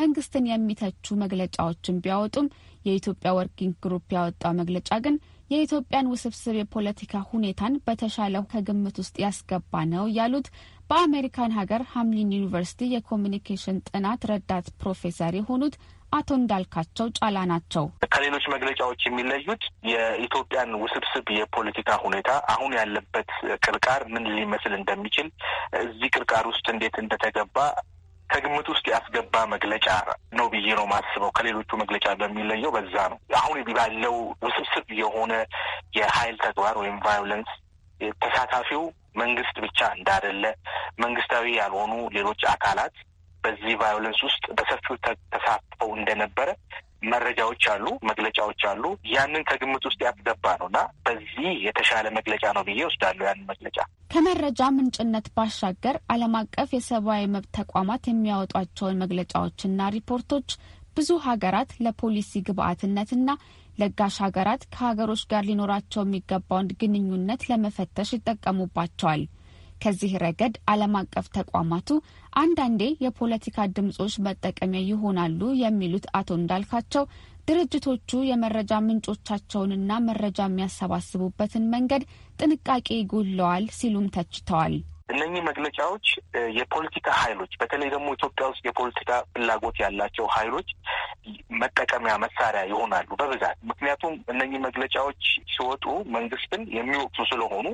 መንግስትን የሚተቹ መግለጫዎችን ቢያወጡም የኢትዮጵያ ወርኪንግ ግሩፕ ያወጣው መግለጫ ግን የኢትዮጵያን ውስብስብ የፖለቲካ ሁኔታን በተሻለው ከግምት ውስጥ ያስገባ ነው ያሉት በአሜሪካን ሀገር ሀምሊን ዩኒቨርሲቲ የኮሚኒኬሽን ጥናት ረዳት ፕሮፌሰር የሆኑት አቶ እንዳልካቸው ጫላ ናቸው። ከሌሎች መግለጫዎች የሚለዩት የኢትዮጵያን ውስብስብ የፖለቲካ ሁኔታ አሁን ያለበት ቅርቃር ምን ሊመስል እንደሚችል እዚህ ቅርቃር ውስጥ እንዴት እንደተገባ ከግምት ውስጥ ያስገባ መግለጫ ነው ብዬ ነው ማስበው። ከሌሎቹ መግለጫ በሚለየው በዛ ነው። አሁን ባለው ውስብስብ የሆነ የኃይል ተግባር ወይም ቫዮለንስ ተሳታፊው መንግስት ብቻ እንዳደለ መንግስታዊ ያልሆኑ ሌሎች አካላት በዚህ ቫዮለንስ ውስጥ በሰፊው ተሳትፈው እንደነበረ መረጃዎች አሉ፣ መግለጫዎች አሉ። ያንን ከግምት ውስጥ ያስገባ ነው እና በዚህ የተሻለ መግለጫ ነው ብዬ ወስዳለሁ። ያንን መግለጫ ከመረጃ ምንጭነት ባሻገር ዓለም አቀፍ የሰብአዊ መብት ተቋማት የሚያወጧቸውን መግለጫዎችና ሪፖርቶች ብዙ ሀገራት ለፖሊሲ ግብአትነትና ለጋሽ ሀገራት ከሀገሮች ጋር ሊኖራቸው የሚገባውን ግንኙነት ለመፈተሽ ይጠቀሙባቸዋል። ከዚህ ረገድ ዓለም አቀፍ ተቋማቱ አንዳንዴ የፖለቲካ ድምጾች መጠቀሚያ ይሆናሉ የሚሉት አቶ እንዳልካቸው ድርጅቶቹ የመረጃ ምንጮቻቸውንና መረጃ የሚያሰባስቡበትን መንገድ ጥንቃቄ ይጎለዋል ሲሉም ተችተዋል። እነኚህ መግለጫዎች የፖለቲካ ኃይሎች በተለይ ደግሞ ኢትዮጵያ ውስጥ የፖለቲካ ፍላጎት ያላቸው ኃይሎች መጠቀሚያ መሳሪያ ይሆናሉ በብዛት። ምክንያቱም እነኚህ መግለጫዎች ሲወጡ መንግስትን የሚወቅሱ ስለሆኑ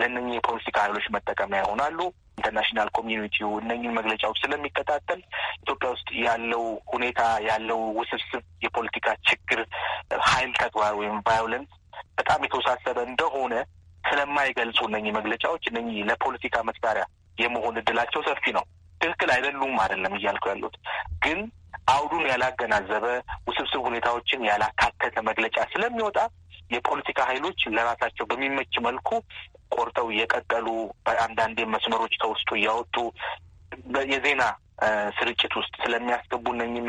ለእነኚህ የፖለቲካ ኃይሎች መጠቀሚያ ይሆናሉ። ኢንተርናሽናል ኮሚዩኒቲው እነ መግለጫዎች ስለሚከታተል ኢትዮጵያ ውስጥ ያለው ሁኔታ ያለው ውስብስብ የፖለቲካ ችግር ኃይል ተግባር ወይም ቫዮለንስ በጣም የተወሳሰበ እንደሆነ ስለማይገልጹ እነኚህ መግለጫዎች እነኚህ ለፖለቲካ መሳሪያ የመሆን እድላቸው ሰፊ ነው። ትክክል አይደሉም አይደለም እያልኩ ያሉት ግን አውዱን ያላገናዘበ ውስብስብ ሁኔታዎችን ያላካተተ መግለጫ ስለሚወጣ የፖለቲካ ኃይሎች ለራሳቸው በሚመች መልኩ ቆርጠው እየቀጠሉ በአንዳንዴ መስመሮች ከውስጡ እያወጡ የዜና ስርጭት ውስጥ ስለሚያስገቡ እነኚህ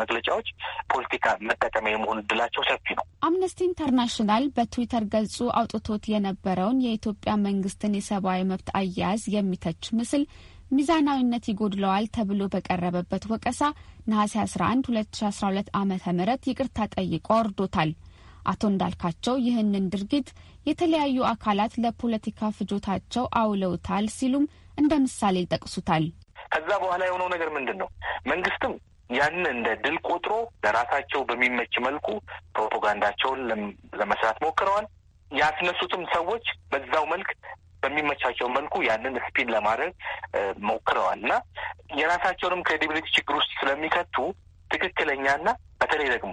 መግለጫዎች ፖለቲካ መጠቀሚያ የመሆን እድላቸው ሰፊ ነው። አምነስቲ ኢንተርናሽናል በትዊተር ገጹ አውጥቶት የነበረውን የኢትዮጵያ መንግስትን የሰብአዊ መብት አያያዝ የሚተች ምስል ሚዛናዊነት ይጎድለዋል ተብሎ በቀረበበት ወቀሳ ነሐሴ 11 2012 ዓ ም ይቅርታ ጠይቆ ወርዶታል። አቶ እንዳልካቸው ይህንን ድርጊት የተለያዩ አካላት ለፖለቲካ ፍጆታቸው አውለውታል ሲሉም እንደ ምሳሌ ይጠቅሱታል። ከዛ በኋላ የሆነው ነገር ምንድን ነው? መንግስትም ያንን እንደ ድል ቆጥሮ ለራሳቸው በሚመች መልኩ ፕሮፓጋንዳቸውን ለመስራት ሞክረዋል። ያስነሱትም ሰዎች በዛው መልክ በሚመቻቸው መልኩ ያንን ስፒን ለማድረግ ሞክረዋል እና የራሳቸውንም ክሬዲቢሊቲ ችግር ውስጥ ስለሚከቱ ትክክለኛና በተለይ ደግሞ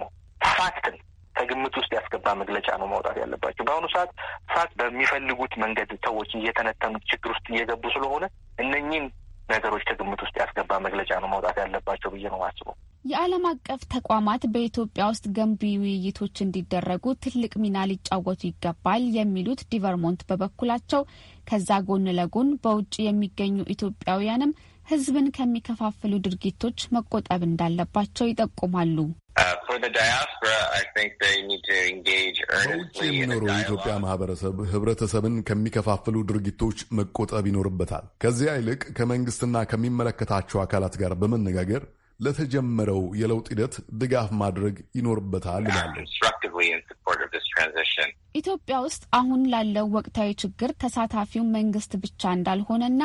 ፋክትን ከግምት ውስጥ ያስገባ መግለጫ ነው ማውጣት ያለባቸው። በአሁኑ ሰዓት ፋክት በሚፈልጉት መንገድ ሰዎች እየተነተኑት ችግር ውስጥ እየገቡ ስለሆነ እነኚህን ነገሮች ከግምት ውስጥ ያስገባ መግለጫ ነው መውጣት ያለባቸው ብዬ ነው ማስበው። የዓለም አቀፍ ተቋማት በኢትዮጵያ ውስጥ ገንቢ ውይይቶች እንዲደረጉ ትልቅ ሚና ሊጫወቱ ይገባል የሚሉት ዲቨርሞንት በበኩላቸው ከዛ ጎን ለጎን በውጭ የሚገኙ ኢትዮጵያውያንም ሕዝብን ከሚከፋፍሉ ድርጊቶች መቆጠብ እንዳለባቸው ይጠቁማሉ። Uh, በውጭ የሚኖረው የኢትዮጵያ ማህበረሰብ ህብረተሰብን ከሚከፋፍሉ ድርጊቶች መቆጠብ ይኖርበታል። ከዚያ ይልቅ ከመንግስትና ከሚመለከታቸው አካላት ጋር በመነጋገር ለተጀመረው የለውጥ ሂደት ድጋፍ ማድረግ ይኖርበታል ይላሉ። ኢትዮጵያ ውስጥ አሁን ላለው ወቅታዊ ችግር ተሳታፊው መንግስት ብቻ እንዳልሆነና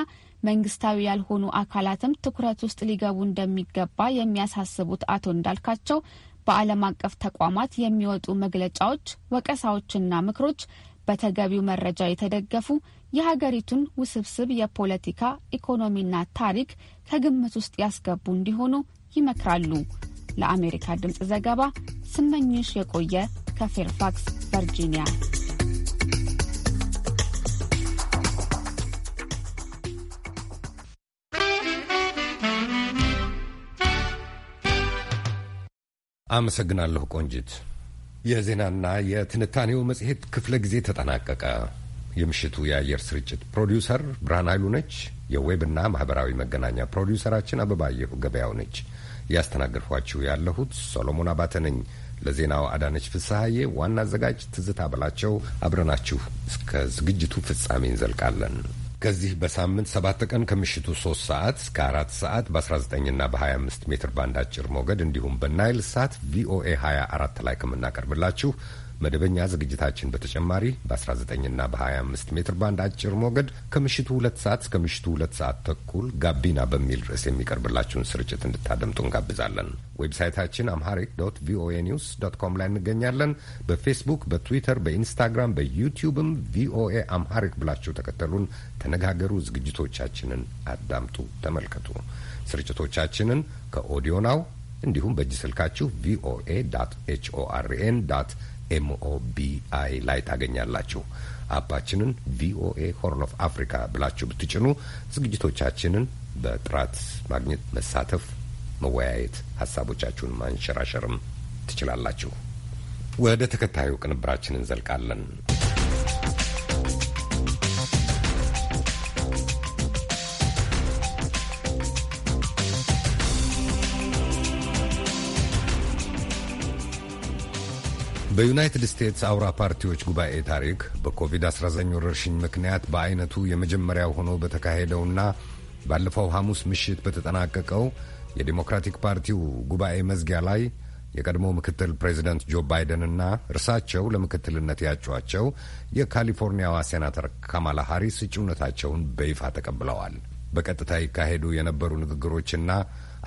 መንግስታዊ ያልሆኑ አካላትም ትኩረት ውስጥ ሊገቡ እንደሚገባ የሚያሳስቡት አቶ እንዳልካቸው በዓለም አቀፍ ተቋማት የሚወጡ መግለጫዎች፣ ወቀሳዎችና ምክሮች በተገቢው መረጃ የተደገፉ የሀገሪቱን ውስብስብ የፖለቲካ ኢኮኖሚና ታሪክ ከግምት ውስጥ ያስገቡ እንዲሆኑ ይመክራሉ። ለአሜሪካ ድምፅ ዘገባ ስመኝሽ የቆየ ከፌርፋክስ ቨርጂኒያ። አመሰግናለሁ ቆንጂት። የዜናና የትንታኔው መጽሔት ክፍለ ጊዜ ተጠናቀቀ። የምሽቱ የአየር ስርጭት ፕሮዲውሰር ብርሃን ኃይሉ ነች። የዌብና ማህበራዊ መገናኛ ፕሮዲውሰራችን አበባየሁ ገበያው ነች። ያስተናገድኋችሁ ያለሁት ሶሎሞን አባተ ነኝ። ለዜናው አዳነች ፍስሐዬ፣ ዋና አዘጋጅ ትዝታ በላቸው። አብረናችሁ እስከ ዝግጅቱ ፍጻሜ እንዘልቃለን። ከዚህ በሳምንት ሰባት ቀን ከምሽቱ ሶስት ሰዓት እስከ አራት ሰዓት በ19ና በ25 ሜትር ባንድ አጭር ሞገድ እንዲሁም በናይል ሳት ቪኦኤ 24 ላይ ከምናቀርብላችሁ መደበኛ ዝግጅታችን በተጨማሪ በ19ና በ25 ሜትር ባንድ አጭር ሞገድ ከምሽቱ ሁለት ሰዓት እስከ ምሽቱ ሁለት ሰዓት ተኩል ጋቢና በሚል ርዕስ የሚቀርብላችሁን ስርጭት እንድታደምጡ እንጋብዛለን። ዌብሳይታችን አምሃሪክ ዶት ቪኦኤ ኒውስ ዶት ኮም ላይ እንገኛለን። በፌስቡክ፣ በትዊተር፣ በኢንስታግራም፣ በዩቲዩብም ቪኦኤ አምሃሪክ ብላችሁ ተከተሉን፣ ተነጋገሩ፣ ዝግጅቶቻችንን አዳምጡ፣ ተመልከቱ። ስርጭቶቻችንን ከኦዲዮ ናው እንዲሁም በእጅ ስልካችሁ ቪኦኤ ዶት ኤችኦአርኤን ዶት ኤምኦቢአይ ላይ ታገኛላችሁ። አፓችንን ቪኦኤ ሆርን ኦፍ አፍሪካ ብላችሁ ብትጭኑ ዝግጅቶቻችንን በጥራት ማግኘት፣ መሳተፍ፣ መወያየት፣ ሀሳቦቻችሁን ማንሸራሸርም ትችላላችሁ። ወደ ተከታዩ ቅንብራችን እንዘልቃለን። በዩናይትድ ስቴትስ አውራ ፓርቲዎች ጉባኤ ታሪክ በኮቪድ-19 ወረርሽኝ ምክንያት በአይነቱ የመጀመሪያው ሆኖ በተካሄደውና ባለፈው ሐሙስ ምሽት በተጠናቀቀው የዲሞክራቲክ ፓርቲው ጉባኤ መዝጊያ ላይ የቀድሞ ምክትል ፕሬዚደንት ጆ ባይደንና እርሳቸው ለምክትልነት ያጯቸው የካሊፎርኒያዋ ሴናተር ካማላ ሃሪስ እጩነታቸውን በይፋ ተቀብለዋል። በቀጥታ ይካሄዱ የነበሩ ንግግሮችና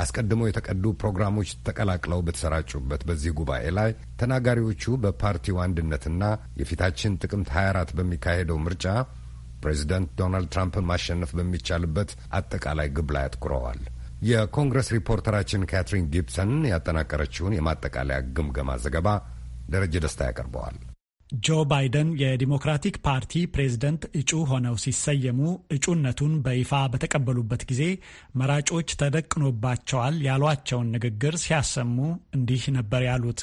አስቀድሞ የተቀዱ ፕሮግራሞች ተቀላቅለው በተሰራጩበት በዚህ ጉባኤ ላይ ተናጋሪዎቹ በፓርቲው አንድነትና የፊታችን ጥቅምት 24 በሚካሄደው ምርጫ ፕሬዚደንት ዶናልድ ትራምፕን ማሸነፍ በሚቻልበት አጠቃላይ ግብ ላይ አትኩረዋል። የኮንግረስ ሪፖርተራችን ካትሪን ጊብሰን ያጠናቀረችውን የማጠቃለያ ግምገማ ዘገባ ደረጀ ደስታ ያቀርበዋል። ጆ ባይደን የዲሞክራቲክ ፓርቲ ፕሬዝደንት እጩ ሆነው ሲሰየሙ እጩነቱን በይፋ በተቀበሉበት ጊዜ መራጮች ተደቅኖባቸዋል ያሏቸውን ንግግር ሲያሰሙ እንዲህ ነበር ያሉት።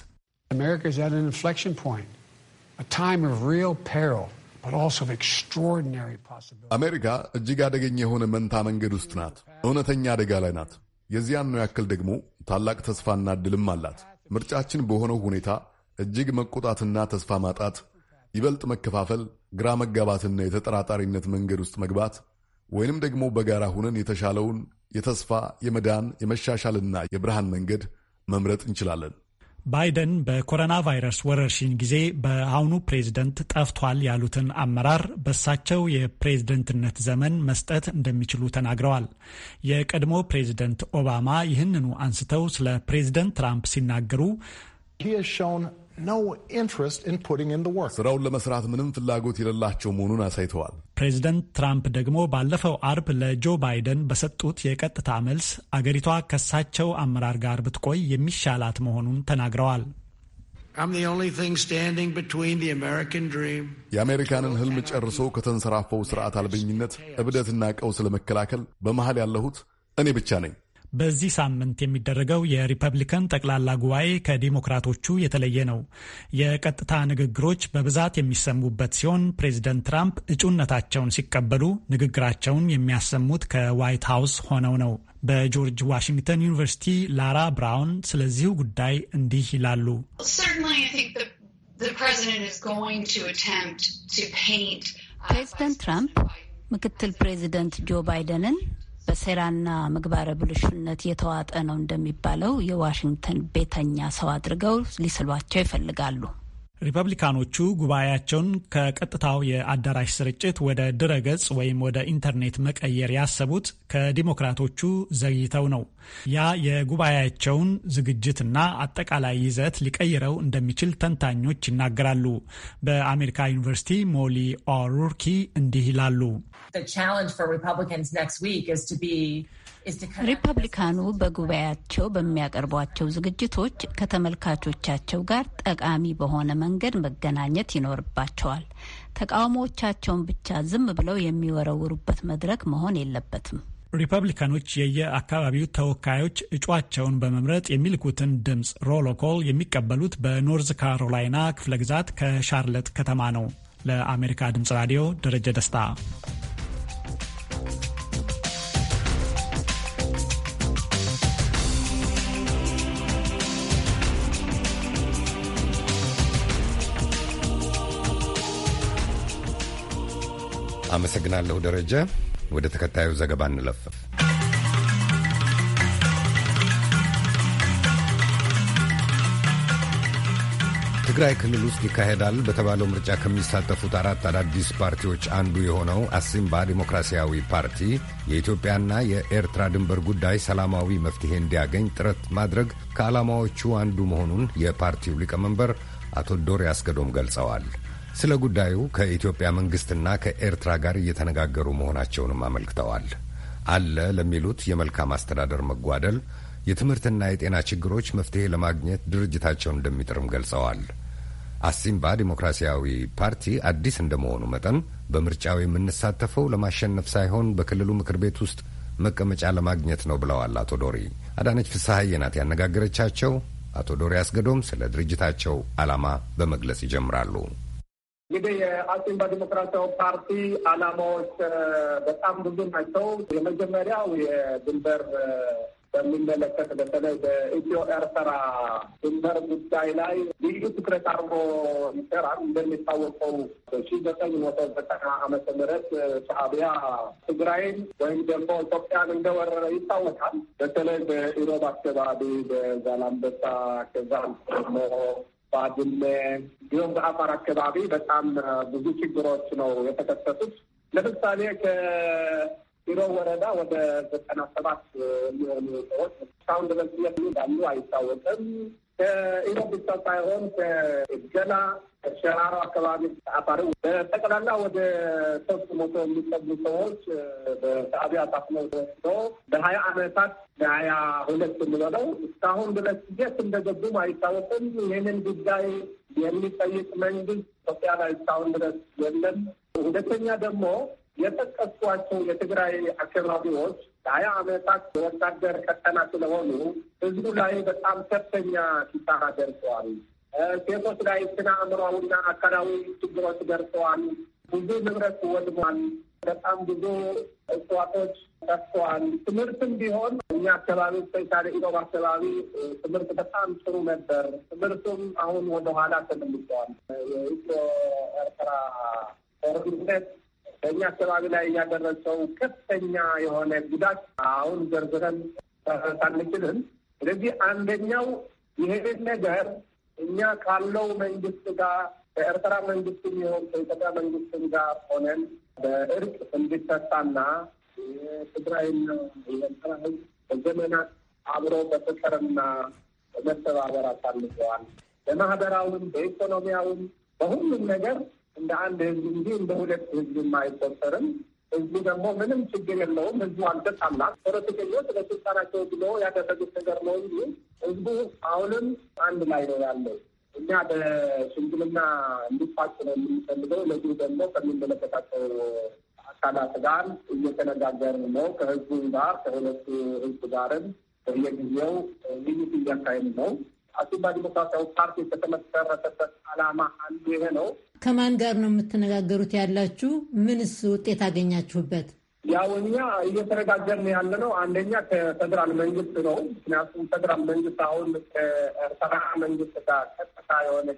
አሜሪካ እጅግ አደገኛ የሆነ መንታ መንገድ ውስጥ ናት። እውነተኛ አደጋ ላይ ናት። የዚያን ነው ያክል ደግሞ ታላቅ ተስፋና እድልም አላት። ምርጫችን በሆነው ሁኔታ እጅግ መቆጣትና ተስፋ ማጣት፣ ይበልጥ መከፋፈል፣ ግራ መጋባትና የተጠራጣሪነት መንገድ ውስጥ መግባት ወይንም ደግሞ በጋራ ሁነን የተሻለውን የተስፋ የመዳን የመሻሻልና የብርሃን መንገድ መምረጥ እንችላለን። ባይደን በኮሮና ቫይረስ ወረርሽኝ ጊዜ በአሁኑ ፕሬዝደንት ጠፍቷል ያሉትን አመራር በሳቸው የፕሬዝደንትነት ዘመን መስጠት እንደሚችሉ ተናግረዋል። የቀድሞ ፕሬዝደንት ኦባማ ይህንኑ አንስተው ስለ ፕሬዝደንት ትራምፕ ሲናገሩ ስራውን ለመስራት ምንም ፍላጎት የሌላቸው መሆኑን አሳይተዋል። ፕሬዚደንት ትራምፕ ደግሞ ባለፈው አርብ ለጆ ባይደን በሰጡት የቀጥታ መልስ አገሪቷ ከሳቸው አመራር ጋር ብትቆይ የሚሻላት መሆኑን ተናግረዋል። የአሜሪካንን ሕልም ጨርሶ ከተንሰራፈው ስርዓት አልበኝነት እብደትና ቀውስ ለመከላከል በመሃል ያለሁት እኔ ብቻ ነኝ። በዚህ ሳምንት የሚደረገው የሪፐብሊከን ጠቅላላ ጉባኤ ከዲሞክራቶቹ የተለየ ነው። የቀጥታ ንግግሮች በብዛት የሚሰሙበት ሲሆን ፕሬዚደንት ትራምፕ እጩነታቸውን ሲቀበሉ ንግግራቸውን የሚያሰሙት ከዋይት ሀውስ ሆነው ነው። በጆርጅ ዋሽንግተን ዩኒቨርሲቲ ላራ ብራውን ስለዚሁ ጉዳይ እንዲህ ይላሉ። uh, ፕሬዚደንት ትራምፕ ምክትል ፕሬዚደንት ጆ ባይደንን በሴራና ምግባረ ብልሹነት የተዋጠ ነው እንደሚባለው የዋሽንግተን ቤተኛ ሰው አድርገው ሊስሏቸው ይፈልጋሉ። ሪፐብሊካኖቹ ጉባኤያቸውን ከቀጥታው የአዳራሽ ስርጭት ወደ ድረገጽ ወይም ወደ ኢንተርኔት መቀየር ያሰቡት ከዲሞክራቶቹ ዘግይተው ነው። ያ የጉባኤያቸውን ዝግጅትና አጠቃላይ ይዘት ሊቀይረው እንደሚችል ተንታኞች ይናገራሉ። በአሜሪካ ዩኒቨርሲቲ ሞሊ ኦሩርኪ እንዲህ ይላሉ። ሪፐብሊካኑ በጉባኤያቸው በሚያቀርቧቸው ዝግጅቶች ከተመልካቾቻቸው ጋር ጠቃሚ በሆነ መንገድ መገናኘት ይኖርባቸዋል። ተቃውሞዎቻቸውን ብቻ ዝም ብለው የሚወረውሩበት መድረክ መሆን የለበትም። ሪፐብሊካኖች የየአካባቢው ተወካዮች እጩአቸውን በመምረጥ የሚልኩትን ድምፅ ሮሎኮል የሚቀበሉት በኖርዝ ካሮላይና ክፍለ ግዛት ከሻርለት ከተማ ነው። ለአሜሪካ ድምፅ ራዲዮ ደረጀ ደስታ አመሰግናለሁ ደረጀ። ወደ ተከታዩ ዘገባ እንለፍ። ትግራይ ክልል ውስጥ ይካሄዳል በተባለው ምርጫ ከሚሳተፉት አራት አዳዲስ ፓርቲዎች አንዱ የሆነው አሲምባ ዲሞክራሲያዊ ፓርቲ የኢትዮጵያና የኤርትራ ድንበር ጉዳይ ሰላማዊ መፍትሄ እንዲያገኝ ጥረት ማድረግ ከዓላማዎቹ አንዱ መሆኑን የፓርቲው ሊቀመንበር አቶ ዶሪ አስገዶም ገልጸዋል። ስለ ጉዳዩ ከኢትዮጵያ መንግስትና ከኤርትራ ጋር እየተነጋገሩ መሆናቸውንም አመልክተዋል። አለ ለሚሉት የመልካም አስተዳደር መጓደል፣ የትምህርትና የጤና ችግሮች መፍትሄ ለማግኘት ድርጅታቸውን እንደሚጥርም ገልጸዋል። አሲምባ ዲሞክራሲያዊ ፓርቲ አዲስ እንደመሆኑ መጠን በምርጫው የምንሳተፈው ለማሸነፍ ሳይሆን በክልሉ ምክር ቤት ውስጥ መቀመጫ ለማግኘት ነው ብለዋል አቶ ዶሪ። አዳነች ፍስሐዬ ናት ያነጋገረቻቸው። አቶ ዶሪ አስገዶም ስለ ድርጅታቸው ዓላማ በመግለጽ ይጀምራሉ። እንግዲህ የአሲምባ ዲሞክራሲያዊ ፓርቲ አላማዎች በጣም ብዙ ናቸው። የመጀመሪያው የድንበር በሚመለከት በተለይ በኢትዮ ኤርትራ ድንበር ጉዳይ ላይ ልዩ ትኩረት አድርጎ ይሰራል። እንደሚታወቀው በሺ ዘጠኝ መቶ ዘጠና ዓመተ ምህረት ሻዕቢያ ትግራይን ወይም ደግሞ ኢትዮጵያን እንደወረረ ይታወቃል። በተለይ በኢሮብ አካባቢ፣ በዛላምበሳ ከዛ ደግሞ በአድሜ እንዲሁም በአፋር አካባቢ በጣም ብዙ ችግሮች ነው የተከሰቱት። ለምሳሌ ከቢሮ ወረዳ ወደ ዘጠና ሰባት የሚሆኑ ሰዎች እስካሁን ድረስ እንዳሉ አይታወቅም። ከኢሮ ብቻ ሳይሆን ከገና ሸራሮ አካባቢ አፋር በጠቅላላ ወደ ሶስት መቶ የሚጠጉ ሰዎች በሰአቢያ ታፍነው ተወስዶ በሀያ አመታት ለሀያ ሁለት የሚሆነው እስካሁን ድረስ የት እንደገቡም አይታወቅም። ይህንን ጉዳይ የሚጠይቅ መንግስት ኢትዮጵያ ላይ እስካሁን ድረስ የለም። ሁለተኛ ደግሞ የጠቀስኳቸው የትግራይ አካባቢዎች ከሀያ ዓመታት የወታደር ቀጠና ስለሆኑ ህዝቡ ላይ በጣም ከፍተኛ ኪሳራ ደርሰዋል። ሴቶች ላይ ስነ አእምሯዊና አካላዊ ችግሮች ደርሰዋል። ብዙ ንብረት ወድሟል። በጣም ብዙ እጽዋቶች ጠፍተዋል። ትምህርትም ቢሆን እኛ አካባቢ ስፔሻሊ ኢሮብ አካባቢ ትምህርት በጣም ጥሩ ነበር። ትምህርቱም አሁን ወደኋላ ተመልሰዋል። የኢትዮ ኤርትራ ጦርነት በእኛ አካባቢ ላይ ያደረሰው ከፍተኛ የሆነ ጉዳት አሁን ዘርዝረን ሳንችልም። ስለዚህ አንደኛው ይሄ ነገር እኛ ካለው መንግስት ጋር በኤርትራ መንግስትም ይሁን ከኢትዮጵያ መንግስትም ጋር ሆነን በእርቅ እንዲፈታና የትግራይና የኤርትራ ሕዝብ በዘመናት አብሮ በፍቅርና በመተባበር አሳልፈዋል። በማህበራዊም በኢኮኖሚያዊም በሁሉም ነገር እንደ አንድ ህዝብ እንጂ እንደ ሁለት ህዝብ አይቆጠርም። ህዝቡ ደግሞ ምንም ችግር የለውም። ህዝቡ አልተጣላም። ፖለቲከኞች ለስልጣናቸው ብሎ ያደረጉት ነገር ነው እንጂ ህዝቡ አሁንም አንድ ላይ ነው ያለው። እኛ በሽምግልና እንዲፋጭ ነው የምንፈልገው። ለዚህ ደግሞ ከሚመለከታቸው አካላት ጋር እየተነጋገርን ነው። ከህዝቡ ጋር ከሁለቱ ህዝብ ጋርም በየጊዜው ልዩት እያካሄድ ነው። አሲምባ ዲሞክራሲያዊ ፓርቲ ከተመሰረተበት አላማ አንዱ ይሄ ነው። ከማን ጋር ነው የምትነጋገሩት ያላችሁ? ምንስ ውጤት አገኛችሁበት? ያው እኛ እየተነጋገርን ያለ ነው። አንደኛ ከፌደራል መንግስት ነው። ምክንያቱም ፌደራል መንግስት አሁን ከኤርትራ መንግስት ጋር ቀጥታ የሆነ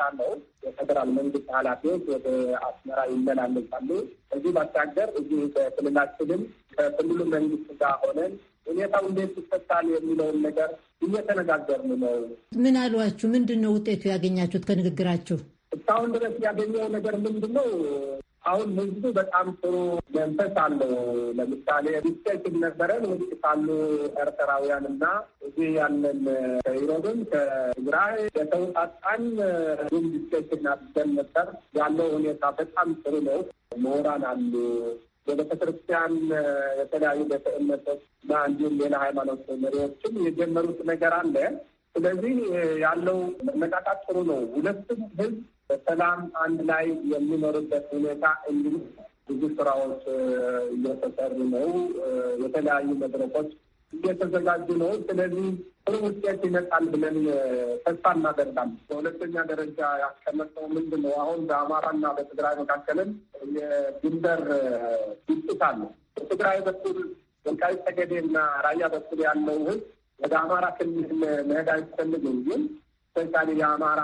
ካለው የፌደራል መንግስት ኃላፊዎች ወደ አስመራ ይመላለሳሉ። እዚህ ባሻገር እዚህ በክልላችንም ከክልሉ መንግስት ጋር ሆነን ሁኔታው እንዴት ይፈታል የሚለውን ነገር እየተነጋገርን ነው። ምን አሏችሁ? ምንድን ነው ውጤቱ ያገኛችሁት ከንግግራችሁ? እስካሁን ድረስ ያገኘው ነገር ምንድን ነው? አሁን ህዝቡ በጣም ጥሩ መንፈስ አለው። ለምሳሌ ዲስከሽን ነበረን ውጭ ካሉ ኤርትራውያን እና እዚህ ያለን ከኢሮብም ከትግራይ የተውጣጣን ዙም ዲስከሽን አድርገን ነበር። ያለው ሁኔታ በጣም ጥሩ ነው። ምሁራን አሉ በቤተክርስቲያን የተለያዩ ቤተ እምነቶች እና እንዲሁም ሌላ ሃይማኖት መሪዎችም የጀመሩት ነገር አለ። ስለዚህ ያለው መነቃቃት ጥሩ ነው። ሁለቱም ህዝብ በሰላም አንድ ላይ የሚኖርበት ሁኔታ እንዲሁ ብዙ ስራዎች እየተሰሩ ነው። የተለያዩ መድረኮች እየተዘጋጁ ነው። ስለዚህ ጥሩ ውጤት ይመጣል ብለን ተስፋ እናደርጋለን። በሁለተኛ ደረጃ ያስቀመጠው ምንድን ነው? አሁን በአማራና በትግራይ መካከልን የድንበር ግጭት አለ። በትግራይ በኩል ወልቃይት ጠገዴና ራያ በኩል ያለው ህዝብ ወደ አማራ ክልል መሄድ አይፈልግም። ግን ስፔሻሊ የአማራ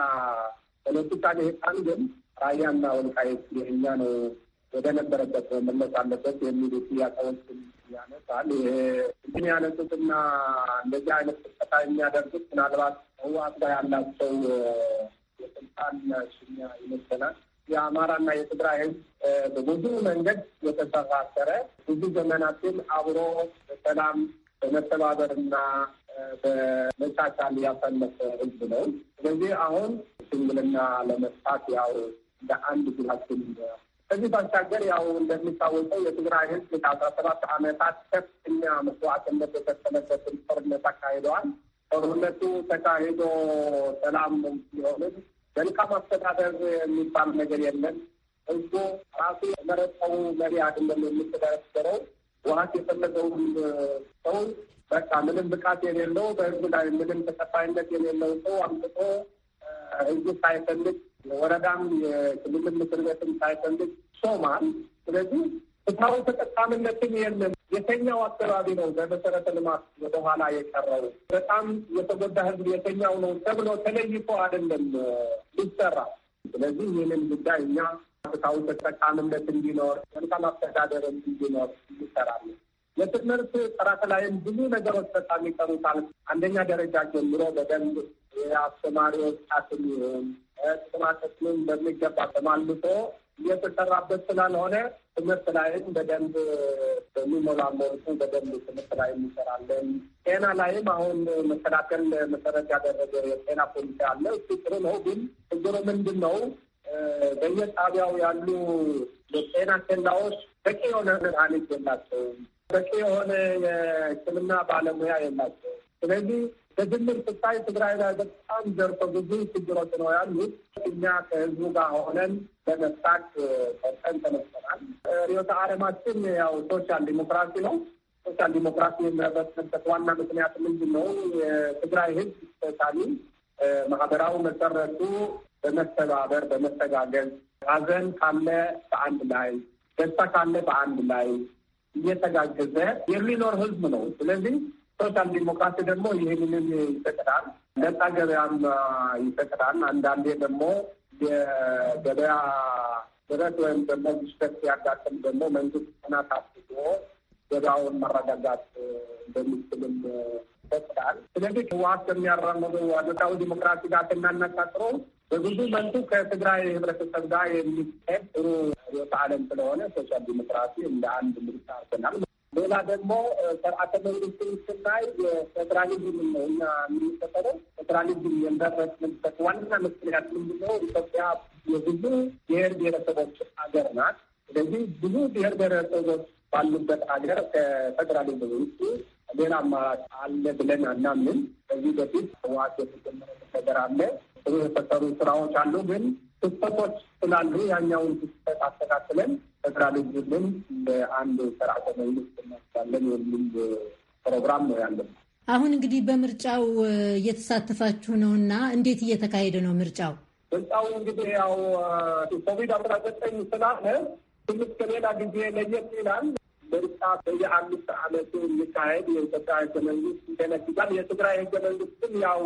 ለምሳሌ ህፃን ግን ራያና ወልቃይት የእኛ ነው ወደ ነበረበት መመለስ አለበት የሚሉ ጥያቄዎች ያነሳል። እንትን ያነሱትና እንደዚህ አይነት ጥቀታ የሚያደርጉት ምናልባት ህወሓት ጋር ያላቸው የስልጣን ሽኛ ይመስለናል። የአማራና የትግራይ ህዝብ በብዙ መንገድ የተሰባሰረ ብዙ ዘመናትን አብሮ በሰላም በመተባበርና በመቻቻል ያሳለፈ ህዝብ ነው። ስለዚህ አሁን ሽምግልና ለመፍታት ያው እንደ አንድ ግባችን ከዚህ ባሻገር ያው እንደሚታወቀው የትግራይ ህዝብ ከአስራ ሰባት አመታት ከፍተኛ መስዋዕትነት የከፈለበትን ጦርነት አካሂደዋል። ጦርነቱ ተካሂዶ ሰላም ሲሆንም መልካም አስተዳደር የሚባል ነገር የለም። ሕዝቡ ራሱ የመረጠው መሪ አይደለም የሚተዳደረው። ውሀት የፈለገውን ሰው በቃ ምንም ብቃት የሌለው በህዝብ ላይ ምንም ተቀባይነት የሌለው ሰው አምጥቶ ህዝብ ሳይፈልግ ወረዳም የክልል ምክር ቤትም ሳይፈልግ ሶማል። ስለዚህ ፍትሐዊ ተጠቃሚነትም የለም። የተኛው አካባቢ ነው በመሰረተ ልማት ወደኋላ የቀረው በጣም የተጎዳ ህዝብ የተኛው ነው ተብሎ ተለይቶ አይደለም ሊሰራ። ስለዚህ ይህንን ጉዳይ እኛ ፍትሐዊ ተጠቃሚነት እንዲኖር፣ መልካም አስተዳደር እንዲኖር ይሰራል። የትምህርት ጥራት ላይም ብዙ ነገሮች በጣም ይቀሩታል። አንደኛ ደረጃ ጀምሮ በደንብ የአስተማሪ ወጣትም ይሁን ጥማትንም በሚገባ ተማልቶ እየተሰራበት ስላልሆነ ትምህርት ላይም በደንብ በሚሞላ መልኩ በደንብ ትምህርት ላይ እንሰራለን። ጤና ላይም አሁን መከላከል መሰረት ያደረገ የጤና ፖሊሲ አለ። እሱ ጥሩ ነው። ግን ችግሩ ምንድን ነው? በየጣቢያው ያሉ የጤና ኬላዎች በቂ የሆነ መድኃኒት የላቸውም። በቂ የሆነ የሕክምና ባለሙያ የላቸውም። ስለዚህ በድምር ስታይ ትግራይ ላይ በጣም ዘርፈ ብዙ ችግሮች ነው ያሉት። እኛ ከህዝቡ ጋር ሆነን ለመፍታት ጠጠን ተነስተናል። ርዕዮተ ዓለማችን ያው ሶሻል ዲሞክራሲ ነው። ሶሻል ዲሞክራሲ የሚመሰረትበት ዋና ምክንያት ምንድን ነው? የትግራይ ህዝብ ተሳሚ ማህበራዊ መሰረቱ በመተባበር በመተጋገዝ፣ ሀዘን ካለ በአንድ ላይ፣ ደስታ ካለ በአንድ ላይ እየተጋገዘ የሚኖር ህዝብ ነው። ስለዚህ ሶሻል ዲሞክራሲ ደግሞ ይህንንም ይፈቅዳል። ነጻ ገበያም ይፈቅዳል። አንዳንዴ ደግሞ የገበያ ብረት ወይም ደግሞ ግሽበት ሲያጋጥም ደግሞ መንግስት ጥናት አስቦ ገበያውን መረጋጋት እንደሚችልም ይፈቅዳል። ስለዚህ ህወሀት ከሚያራምዱ ነጻው ዲሞክራሲ ጋር ስናነጻጽረው በብዙ መልኩ ከትግራይ ህብረተሰብ ጋር የሚካሄድ ጥሩ ወጣ ስለሆነ ሶሻል ዲሞክራሲ እንደ አንድ ምርጫ አርገናል። ሌላ ደግሞ ስርዓተ መንግስትን ስናይ የፌዴራሊዝም ነው እኛ የምንፈጠረው። ፌዴራሊዝም የንደረስንበት ዋና ምክንያት ምንድነው? ኢትዮጵያ የብዙ ብሔር ብሔረሰቦች ሀገር ናት። ስለዚህ ብዙ ብሔር ብሔረሰቦች ባሉበት ሀገር ከፌዴራሊዝም ውጭ ሌላ አማራጭ አለ ብለን አናምን። ከዚህ በፊት ህወሓት የተጀመረ ነገር አለ፣ ጥሩ የተሰሩ ስራዎች አሉ ግን ክስተቶች ስላሉ ያኛውን ክስተት አስተካክለን ፌደራል ልጅልን ለአንድ ስርዓተ መንግስት እናስቻለን የሚል ፕሮግራም ነው ያለን። አሁን እንግዲህ በምርጫው እየተሳተፋችሁ ነው እና እንዴት እየተካሄደ ነው ምርጫው? ምርጫው እንግዲህ ያው ኮቪድ አስራ ዘጠኝ ስላለ ትንሽ ከሌላ ጊዜ ለየት ይላል። ምርጫ በየአምስት ዓመቱ እንዲካሄድ የኢትዮጵያ ህገ መንግስት ይደነግጋል። የትግራይ ህገ መንግስትም ያው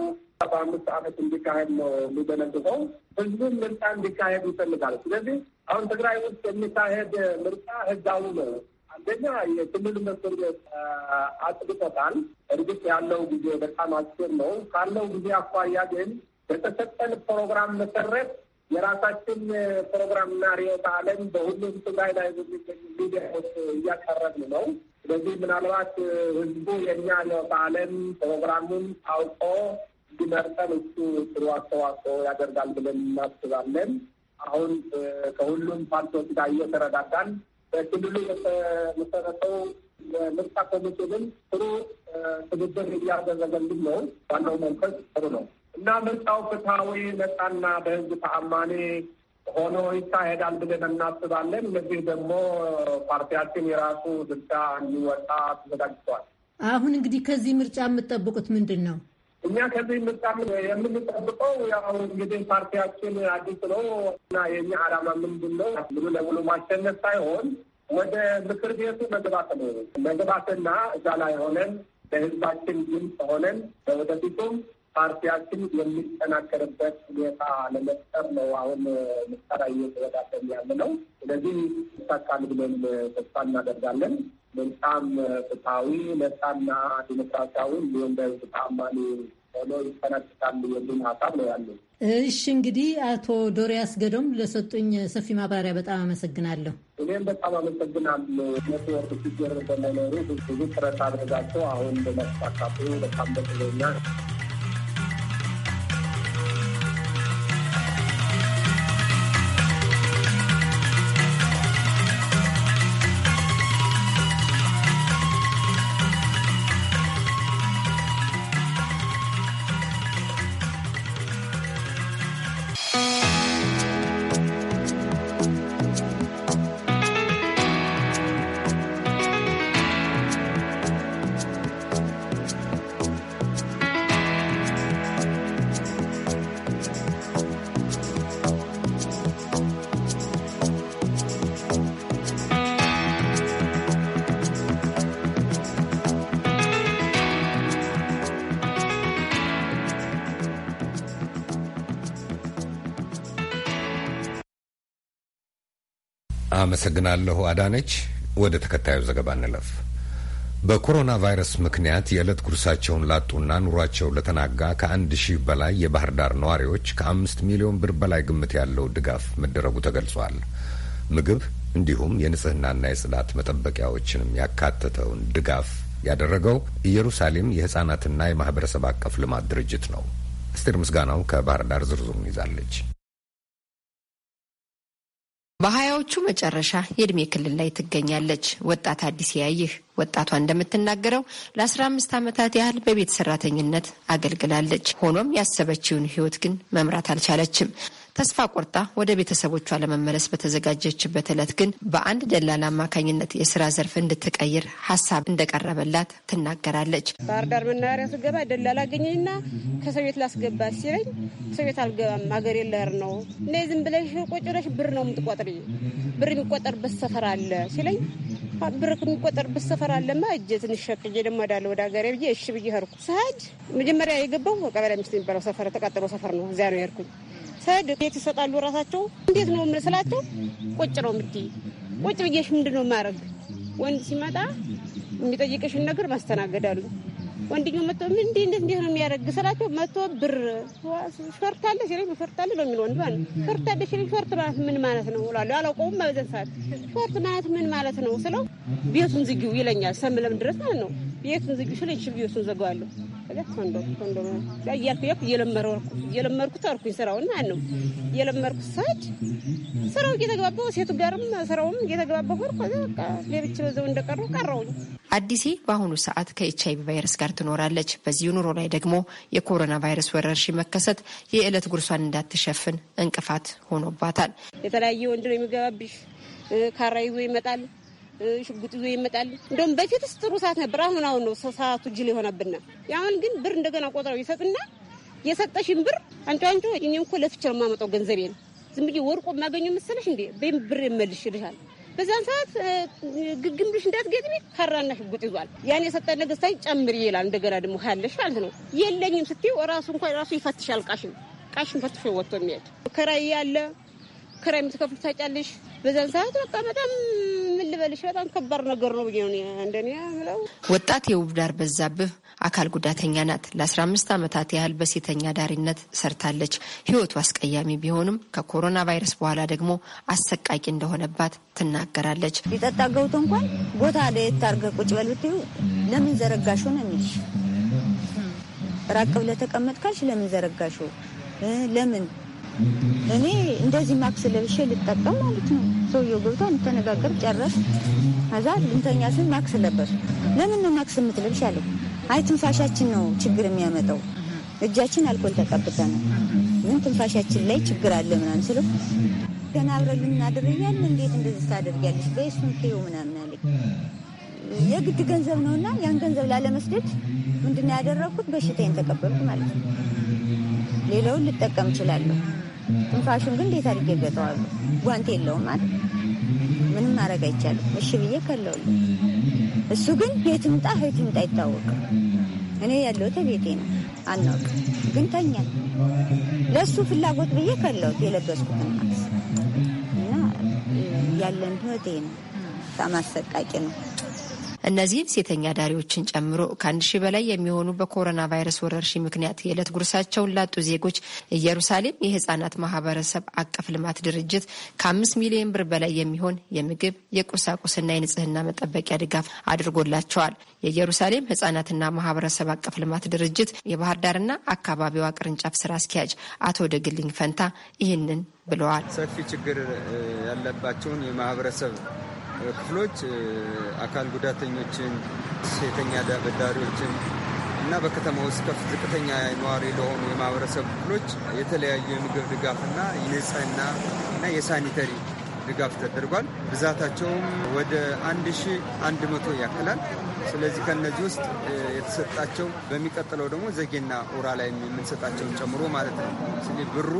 በአምስት ዓመት እንዲካሄድ ነው የሚደነግገው። ህዝቡም ምርጫ እንዲካሄድ ይፈልጋል። ስለዚህ አሁን ትግራይ ውስጥ የሚካሄድ ምርጫ ህጋዊ ነው። አንደኛ የክልል ምክር ቤት አጽድቆታል። እርግጥ ያለው ጊዜ በጣም አጭር ነው። ካለው ጊዜ አኳያ ግን በተሰጠን ፕሮግራም መሰረት የራሳችን ፕሮግራምና ርዕዮተ ዓለም በሁሉም ትግራይ ላይ በሚገኙ ሚዲያዎች እያቀረብን ነው። ስለዚህ ምናልባት ህዝቡ የእኛ ርዕዮተ ዓለም ፕሮግራሙን አውቆ እንዲመርጠን እሱ ጥሩ አስተዋጽኦ ያደርጋል ብለን እናስባለን። አሁን ከሁሉም ፓርቲዎች ጋር እየተረዳዳን በክልሉ የተመሰረተው የምርጫ ኮሚሽንም ጥሩ ትብብር እያደረገልን ነው። ዋናው መንፈስ ጥሩ ነው። እና ምርጫው ፍትሐዊ ነጻና በህዝብ ተአማኒ ሆኖ ይካሄዳል ብለን እናስባለን። እነዚህ ደግሞ ፓርቲያችን የራሱ ድርሻ እንዲወጣ ተዘጋጅተዋል። አሁን እንግዲህ ከዚህ ምርጫ የምትጠብቁት ምንድን ነው? እኛ ከዚህ ምርጫ የምንጠብቀው ያው እንግዲህ ፓርቲያችን አዲስ ነው እና የኛ ዓላማ ምንድን ነው? ሙሉ ለሙሉ ማሸነፍ ሳይሆን ወደ ምክር ቤቱ መግባት ነው። መግባትና እዛ ላይ ሆነን ለህዝባችን ድምፅ ሆነን ወደፊቱም ፓርቲያችን የሚጠናከርበት ሁኔታ ለመፍጠር ነው አሁን ምስጠራ እየተወዳደር ያለ ነው። ስለዚህ ይሳካል ብለን ተስፋ እናደርጋለን። በጣም ፍትሐዊ ነፃና ዲሞክራሲያዊ ሊሆን በህዝብ ተአማኒ ሆኖ ይጠናቀቃል የሚል ሀሳብ ነው ያለ። እሺ እንግዲህ አቶ ዶሪያስ ገዶም ለሰጡኝ ሰፊ ማብራሪያ በጣም አመሰግናለሁ። እኔም በጣም አመሰግናለሁ። ኔትወርክ ችግር በመኖሩ ብዙ ጥረት አድርጋቸው አሁን በመስፋካቱ በጣም ደስተኛ አመሰግናለሁ አዳነች። ወደ ተከታዩ ዘገባ እንለፍ። በኮሮና ቫይረስ ምክንያት የዕለት ጉርሳቸውን ላጡና ኑሯቸው ለተናጋ ከአንድ ሺህ በላይ የባህር ዳር ነዋሪዎች ከአምስት ሚሊዮን ብር በላይ ግምት ያለው ድጋፍ መደረጉ ተገልጿል። ምግብ እንዲሁም የንጽህናና የጽዳት መጠበቂያዎችንም ያካተተውን ድጋፍ ያደረገው ኢየሩሳሌም የሕፃናትና የማህበረሰብ አቀፍ ልማት ድርጅት ነው። አስቴር ምስጋናው ከባህር ዳር ዝርዝሩን ይዛለች። በሀያዎቹ መጨረሻ የእድሜ ክልል ላይ ትገኛለች። ወጣት አዲስ ያይህ ወጣቷ እንደምትናገረው ለአስራ አምስት ዓመታት ያህል በቤት ሰራተኝነት አገልግላለች። ሆኖም ያሰበችውን ህይወት ግን መምራት አልቻለችም። ተስፋ ቆርጣ ወደ ቤተሰቦቿ ለመመለስ በተዘጋጀችበት ዕለት ግን በአንድ ደላላ አማካኝነት የስራ ዘርፍ እንድትቀይር ሀሳብ እንደቀረበላት ትናገራለች። ባህር ዳር መናኸሪያ ስገባ ደላላ አገኘኝና ከሰው ቤት ላስገባ ሲለኝ ሰው ቤት አልገባም አገር የለር ነው እና ዝም ብለሽ ቁጭ ብለሽ ብር ነው የምትቆጥሪ ብር የሚቆጠርበት ሰፈር አለ ሲለኝ ብር የሚቆጠርበት ሰፈር አለማ እጅ ትንሽ ሸቅዬ ደግሞ እሄዳለሁ ወደ ሀገሬ ብዬ እሺ ብዬ ሄድኩ። ስሄድ መጀመሪያ የገባው ቀበሌ አምስት የሚባለው ሰፈር ተቃጠሎ ሰፈር ነው። እዚያ ነው የሄድኩኝ። ሰድ ቤት ይሰጣሉ ራሳቸው። እንዴት ነው የምስላቸው? ቁጭ ነው ምድ ቁጭ ብዬሽ ምንድን ነው ማድረግ? ወንድ ሲመጣ የሚጠይቅሽን ነገር ማስተናገዳሉ። ወንድኛ መጥቶ ምን እንዲህ እንዴት እንዴት ነው የሚያደርግ ስላቸው መጥቶ ብር ፈርታለሽ ሲለኝ ፈርታለሽ ነው የሚል ወንድ ማለት ነው። ፈርታለሽ ሲለኝ ፈርት ማለት ምን ማለት ነው እላለሁ። አላውቀውም በዛን ሰዓት ፈርት ማለት ምን ማለት ነው ስለው ቤቱን ዝጊው ይለኛል። ሰምለም ድረስ ማለት ነው ቤቱን ዝጊው ሲለኝ ቤቱን ዘጋዋለሁ። ከዚያ ኮንዶም ኮንዶም እያልኩ ስራውን ማለት ነው። ስራው ሴቱ ጋርም ስራውም በቃ በዛው አዲሴ በአሁኑ ሰዓት ከኤች አይቪ ቫይረስ ጋር ትኖራለች። በዚሁ ኑሮ ላይ ደግሞ የኮሮና ቫይረስ ወረርሽኝ መከሰት የዕለት ጉርሷን እንዳትሸፍን እንቅፋት ሆኖባታል። የተለያየ ወንድ ነው የሚገባብሽ፣ ካራ ይዞ ይመጣል ሽጉጥ ይዞ ይመጣል። እንደውም በፊትስ ጥሩ ሰዓት ነበር። አሁን አሁን ነው ሰዓቱ ጅል የሆነብና አሁን ግን ብር እንደገና ቆጥረው ይሰጥና የሰጠሽን ብር አንቺ አንቺ እኔ እኮ ለፍቼ ነው የማመጣው ገንዘቤ ነው ዝም ብዬ ወርቆ የማገኘው መሰለሽ እንዴ በይም ብር የመልሽ ይልሻል። በዛን ሰዓት ግግም ብልሽ እንዳትገጥሚ ካራና ሽጉጥ ይዟል። ያን የሰጠን ነገስታኝ ጨምር ይላል። እንደገና ደግሞ ካለሽ ማለት ነው የለኝም ስትይው ራሱ እንኳን ራሱ ይፈትሻል። ቃሽን ቃሽን ፈትሾ ወጥቶ የሚሄድ ክራይ ያለ ክራይ የምትከፍሉ ታጫለሽ። በዛን ሰዓት በቃ በጣም ልበልሽ በጣም ከባድ ነገር ነው ብዬ እንደኔ ምለው። ወጣት የውብ ዳር በዛብህ አካል ጉዳተኛ ናት። ለ15 ዓመታት ያህል በሴተኛ ዳሪነት ሰርታለች። ህይወቱ አስቀያሚ ቢሆንም ከኮሮና ቫይረስ በኋላ ደግሞ አሰቃቂ እንደሆነባት ትናገራለች። ሊጠጣ ገብቶ እንኳን ቦታ ለየት አድርገህ ቁጭ በል ለምን ዘረጋሽው ነው የሚልሽ። ራቅ ብለህ ተቀመጥ ለምን ዘረጋሽው ለምን እኔ እንደዚህ ማክስ ለብሼ ልጠቀም ማለት ነው። ሰውየው ገብቶ እንተነጋገር ጨረስ። ከዛ ልንተኛ ስን ማክስ ለበሱ። ለምን ነው ማክስ የምትለብሽ አለ። አይ ትንፋሻችን ነው ችግር የሚያመጣው እጃችን አልኮል ተቀብተ ነው ምን ትንፋሻችን ላይ ችግር አለ ምናምን ስለ ገና አብረን ልናድር እያለ እንዴት እንደዚህ ታደርጊያለሽ? በሱን ዩ ምናምን አለ። የግድ ገንዘብ ነውና ያን ገንዘብ ላለመስደድ ምንድን ነው ያደረግኩት? በሽታዬን ተቀበልኩ ማለት ነው። ሌላውን ልጠቀም እችላለሁ ትንፋሹን ግን እንዴት አድርጌ ይገጠዋሉ? ጓንት የለውም ማለት ምንም ማድረግ አይቻልም። እሺ ብዬ ከለውል። እሱ ግን የት ምጣ የት ምጣ አይታወቅም። እኔ ያለሁት ቤቴ ነው፣ አናውቅ ግን ተኛል። ለእሱ ፍላጎት ብዬ ከለውት የለበስኩት እና ያለን ህይወቴ ነው። በጣም አሰቃቂ ነው። እነዚህን ሴተኛ ዳሪዎችን ጨምሮ ከአንድ ሺህ በላይ የሚሆኑ በኮሮና ቫይረስ ወረርሽኝ ምክንያት የዕለት ጉርሳቸውን ላጡ ዜጎች ኢየሩሳሌም የህጻናት ማህበረሰብ አቀፍ ልማት ድርጅት ከአምስት ሚሊዮን ብር በላይ የሚሆን የምግብ የቁሳቁስና የንጽህና መጠበቂያ ድጋፍ አድርጎላቸዋል። የኢየሩሳሌም ህጻናትና ማህበረሰብ አቀፍ ልማት ድርጅት የባህር ዳርና አካባቢዋ ቅርንጫፍ ስራ አስኪያጅ አቶ ደግልኝ ፈንታ ይህንን ብለዋል። ሰፊ ችግር ያለባቸውን የማህበረሰብ ክፍሎች አካል ጉዳተኞችን፣ ሴተኛ ዳበዳሪዎችን እና በከተማ ውስጥ ከፍ ዝቅተኛ ነዋሪ ለሆኑ የማህበረሰብ ክፍሎች የተለያዩ የምግብ ድጋፍና የንጽህና እና የሳኒተሪ ድጋፍ ተደርጓል። ብዛታቸውም ወደ መቶ ያክላል። ስለዚህ ከነዚህ ውስጥ የተሰጣቸው በሚቀጥለው ደግሞ ዘጌና ኡራ ላይ የምንሰጣቸውን ጨምሮ ማለት ነው። ስለዚህ ብሩ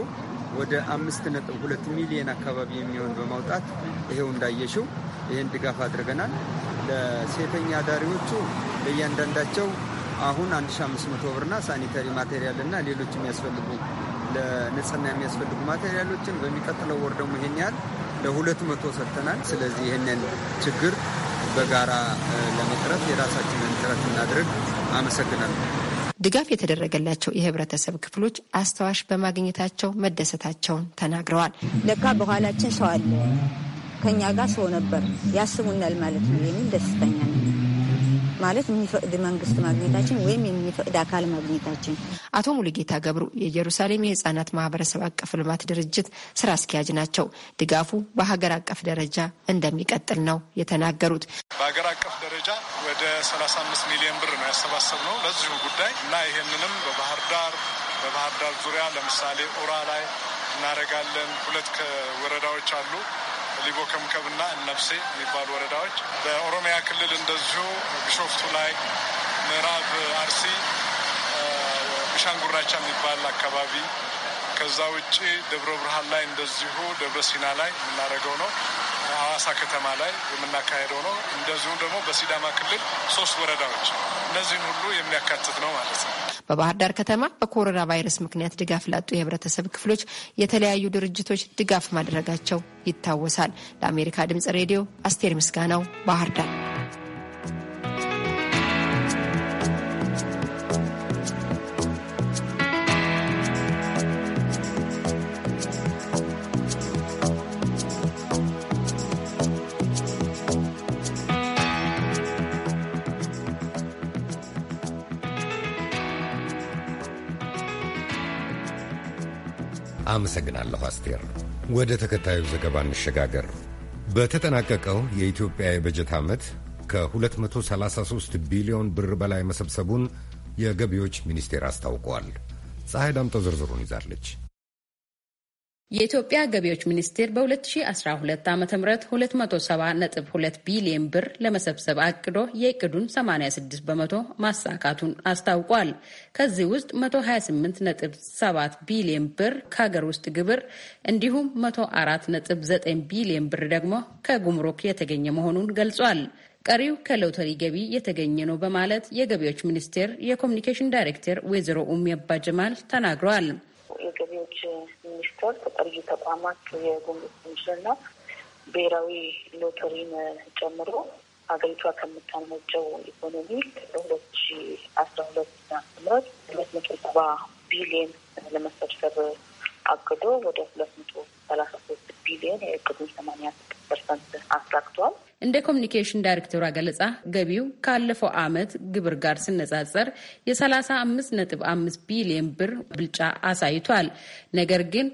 ወደ አምስት ነጥብ ሁለት ሚሊየን አካባቢ የሚሆን በማውጣት ይሄው እንዳየሽው ይህን ድጋፍ አድርገናል። ለሴተኛ አዳሪዎቹ ለእያንዳንዳቸው አሁን 1500 ብርና ሳኒታሪ ማቴሪያል እና ሌሎች የሚያስፈልጉ ለንጽህና የሚያስፈልጉ ማቴሪያሎችን በሚቀጥለው ወር ደግሞ ይሄን ያህል ለሁለት መቶ ሰጥተናል። ስለዚህ ይህንን ችግር በጋራ ለመቅረፍ የራሳችንን ጥረት እናድርግ። አመሰግናለሁ። ድጋፍ የተደረገላቸው የህብረተሰብ ክፍሎች አስታዋሽ በማግኘታቸው መደሰታቸውን ተናግረዋል። ለካ በኋላችን ሰው አለ፣ ከኛ ጋር ሰው ነበር፣ ያስቡናል ማለት ነው የሚል ደስተኛ ነው። ማለት የሚፈቅድ መንግስት ማግኘታችን ወይም የሚፈቅድ አካል ማግኘታችን። አቶ ሙሉጌታ ገብሩ የኢየሩሳሌም የህጻናት ማህበረሰብ አቀፍ ልማት ድርጅት ስራ አስኪያጅ ናቸው። ድጋፉ በሀገር አቀፍ ደረጃ እንደሚቀጥል ነው የተናገሩት። በሀገር አቀፍ ደረጃ ወደ 35 ሚሊዮን ብር ነው ያሰባሰብ ነው ለዚሁ ጉዳይ እና ይህንንም በባህር ዳር በባህር ዳር ዙሪያ ለምሳሌ ኡራ ላይ እናደርጋለን። ሁለት ወረዳዎች አሉ ሊቦ ከምከብና እነብሴ የሚባሉ ወረዳዎች፣ በኦሮሚያ ክልል እንደዚሁ ቢሾፍቱ ላይ፣ ምዕራብ አርሲ ሻንጉራቻ የሚባል አካባቢ ከዛ ውጭ ደብረ ብርሃን ላይ እንደዚሁ ደብረ ሲና ላይ የምናደርገው ነው። ሐዋሳ ከተማ ላይ የምናካሄደው ነው። እንደዚሁም ደግሞ በሲዳማ ክልል ሶስት ወረዳዎች እነዚህን ሁሉ የሚያካትት ነው ማለት ነው። በባህር ዳር ከተማ በኮሮና ቫይረስ ምክንያት ድጋፍ ላጡ የህብረተሰብ ክፍሎች የተለያዩ ድርጅቶች ድጋፍ ማድረጋቸው ይታወሳል። ለአሜሪካ ድምጽ ሬዲዮ አስቴር ምስጋናው ባህር ዳር። አመሰግናለሁ አስቴር። ወደ ተከታዩ ዘገባ እንሸጋገር። በተጠናቀቀው የኢትዮጵያ የበጀት ዓመት ከ233 ቢሊዮን ብር በላይ መሰብሰቡን የገቢዎች ሚኒስቴር አስታውቋል። ፀሐይ ዳምጠው ዝርዝሩን ይዛለች። የኢትዮጵያ ገቢዎች ሚኒስቴር በ2012 ዓ ም 272 ቢሊዮን ብር ለመሰብሰብ አቅዶ የእቅዱን 86 በመቶ ማሳካቱን አስታውቋል። ከዚህ ውስጥ 128.7 ቢሊዮን ብር ከሀገር ውስጥ ግብር እንዲሁም 104.9 ቢሊዮን ብር ደግሞ ከጉምሩክ የተገኘ መሆኑን ገልጿል። ቀሪው ከሎተሪ ገቢ የተገኘ ነው በማለት የገቢዎች ሚኒስቴር የኮሚኒኬሽን ዳይሬክተር ወይዘሮ ኡሚ አባ ጀማል ተናግረዋል። የገቢዎች ሚኒስቴር ተጠሪ ተቋማት የጉምሩክ ኮሚሽንና ብሔራዊ ሎተሪን ጨምሮ ሀገሪቷ ከምታመነጨው ኢኮኖሚ ከሁለት ሺ አስራ ሁለት ምረት ሁለት መቶ ሰባ ቢሊየን ለመሰብሰብ አቅዶ ወደ ሁለት መቶ ሰላሳ ሶስት ቢሊየን የእቅዱን ሰማኒያ ፐርሰንት አሳክቷል። እንደ ኮሚኒኬሽን ዳይሬክተሯ ገለጻ ገቢው ካለፈው ዓመት ግብር ጋር ሲነጻጸር የ35.5 ቢሊዮን ብር ብልጫ አሳይቷል። ነገር ግን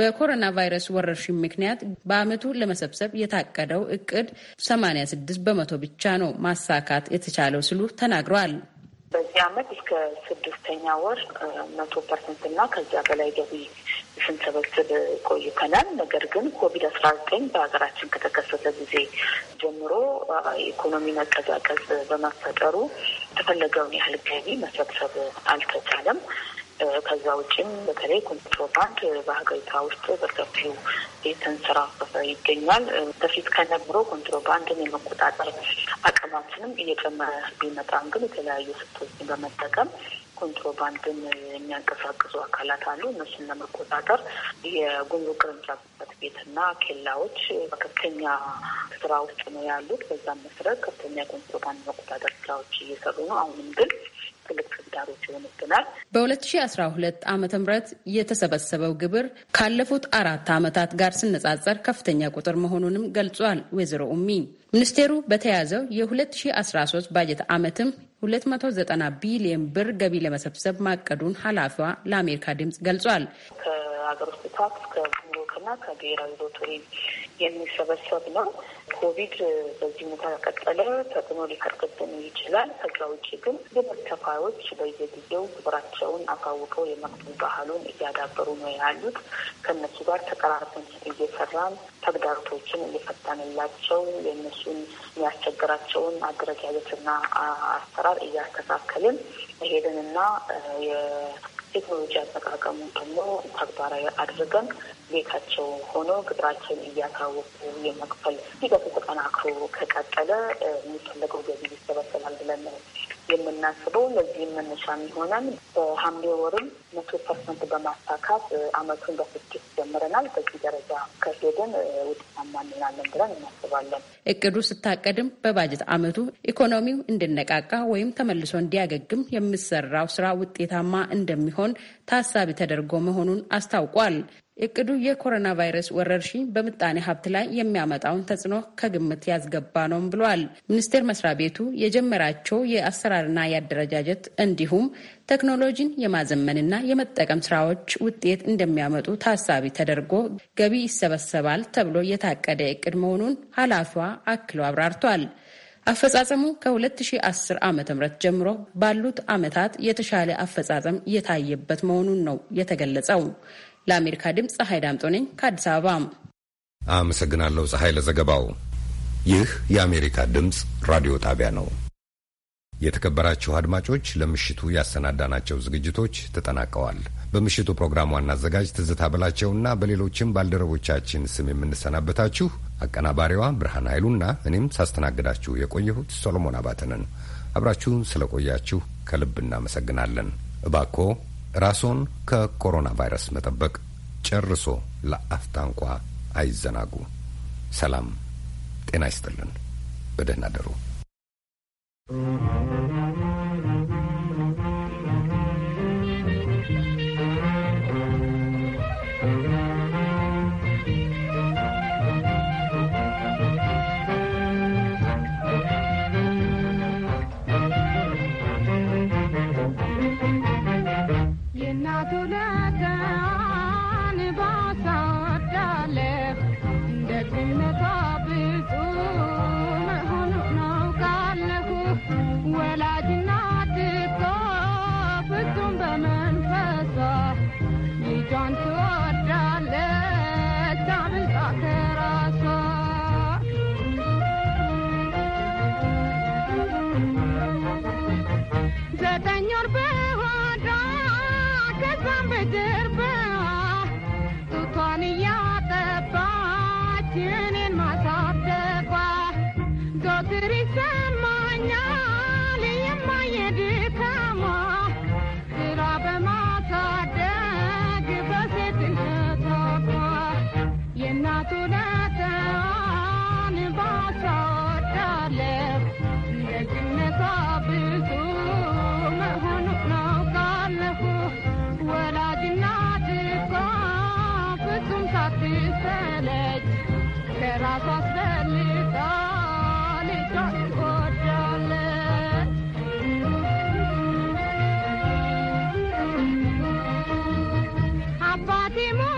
በኮሮና ቫይረስ ወረርሽኝ ምክንያት በዓመቱ ለመሰብሰብ የታቀደው እቅድ 86 በመቶ ብቻ ነው ማሳካት የተቻለው ሲሉ ተናግረዋል። በዚህ አመት እስከ ስድስተኛ ወር መቶ ፐርሰንት እና ከዚያ በላይ ገቢ ስንሰበስብ ቆይተናል። ነገር ግን ኮቪድ አስራ ዘጠኝ በሀገራችን ከተከሰተ ጊዜ ጀምሮ ኢኮኖሚ መቀዛቀዝ በመፈጠሩ የተፈለገውን ያህል ገቢ መሰብሰብ አልተቻለም። ከዛ ውጭም በተለይ ኮንትሮባንድ በሀገሪቷ ውስጥ በሰፊው የተንሰራፈፈ ይገኛል። በፊት ከነበረው ኮንትሮባንድን የመቆጣጠር አቅማችንም እየጨመረ ቢመጣም ግን የተለያዩ ስቶችን በመጠቀም ኮንትሮባንድን የሚያንቀሳቅሱ አካላት አሉ። እነሱን ለመቆጣጠር የጉምሩክ ቅርንጫፍ ጽሕፈት ቤትና ኬላዎች በከፍተኛ ስራ ውስጥ ነው ያሉት። በዛም መሰረት ከፍተኛ የኮንትሮባንድ መቆጣጠር ስራዎች እየሰሩ ነው። አሁንም ግን ትልቅ ተግዳሮች ይሆንብናል። በሁለት ሺ አስራ ሁለት ዓመተ ምህረት የተሰበሰበው ግብር ካለፉት አራት ዓመታት ጋር ሲነጻጸር ከፍተኛ ቁጥር መሆኑንም ገልጿል። ወይዘሮ ኡሚ ሚኒስቴሩ በተያዘው የ2013 ባጀት ዓመትም 290 ቢሊዮን ብር ገቢ ለመሰብሰብ ማቀዱን ኃላፊዋ ለአሜሪካ ድምጽ ገልጿል። ከሀገር ውስጥ ታክስ ከጉምሩክና ከብሔራዊ ሎተሪ የሚሰበሰብ ነው። ኮቪድ በዚህ ሁኔታ ከቀጠለ ተጽዕኖ ሊፈርድብን ይችላል። ከዛ ውጭ ግን ግብር ከፋዮች በየጊዜው ግብራቸውን አሳውቀው የመክፈል ባህሉን እያዳበሩ ነው ያሉት። ከእነሱ ጋር ተቀራርበን እየሰራን ተግዳሮቶችን እየፈታንላቸው የእነሱን የሚያስቸግራቸውን አደረጃጀትና አሰራር እያስተካከልን መሄድንና ቴክኖሎጂ አጠቃቀሙ ደግሞ ተግባራዊ አድርገን ቤታቸው ሆኖ ግብራቸውን እያታወቁ የመክፈል ሂደቱ ተጠናክሮ ከቀጠለ የሚፈለገው ገቢ ይሰበሰባል ብለን ነው የምናስበው ለዚህም መነሻ የሚሆነን በሐምሌ ወርም መቶ ፐርሰንት በማሳካት አመቱን በስኬት ጀምረናል። በዚህ ደረጃ ከሄድን ውጤታማ እንሆናለን ብለን እናስባለን። እቅዱ ስታቀድም በባጀት አመቱ ኢኮኖሚው እንድነቃቃ ወይም ተመልሶ እንዲያገግም የሚሰራው ስራ ውጤታማ እንደሚሆን ታሳቢ ተደርጎ መሆኑን አስታውቋል። እቅዱ የኮሮና ቫይረስ ወረርሽኝ በምጣኔ ሀብት ላይ የሚያመጣውን ተጽዕኖ ከግምት ያስገባ ነውም ብሏል። ሚኒስቴር መስሪያ ቤቱ የጀመራቸው የአሰራርና የአደረጃጀት እንዲሁም ቴክኖሎጂን የማዘመንና የመጠቀም ስራዎች ውጤት እንደሚያመጡ ታሳቢ ተደርጎ ገቢ ይሰበሰባል ተብሎ የታቀደ እቅድ መሆኑን ኃላፊዋ አክሎ አብራርቷል። አፈጻጸሙ ከ2010 ዓ ም ጀምሮ ባሉት ዓመታት የተሻለ አፈጻጸም የታየበት መሆኑን ነው የተገለጸው። ለአሜሪካ ድምፅ ፀሐይ ዳምጦ ነኝ ከአዲስ አበባ። አመሰግናለሁ ፀሐይ ለዘገባው። ይህ የአሜሪካ ድምፅ ራዲዮ ጣቢያ ነው። የተከበራችሁ አድማጮች ለምሽቱ ያሰናዳናቸው ዝግጅቶች ተጠናቀዋል። በምሽቱ ፕሮግራም ዋና አዘጋጅ ትዝታ በላቸውና በሌሎችም ባልደረቦቻችን ስም የምንሰናበታችሁ አቀናባሪዋ ብርሃን ኃይሉና እኔም ሳስተናግዳችሁ የቆየሁት ሶሎሞን አባተንን አብራችሁን ስለቆያችሁ ከልብ እናመሰግናለን። እባኮ ራስዎን ከኮሮና ቫይረስ መጠበቅ ጨርሶ ለአፍታ እንኳ አይዘናጉ። ሰላም ጤና ይስጥልን። በደህና Mm-hmm. I'm not matrimonio.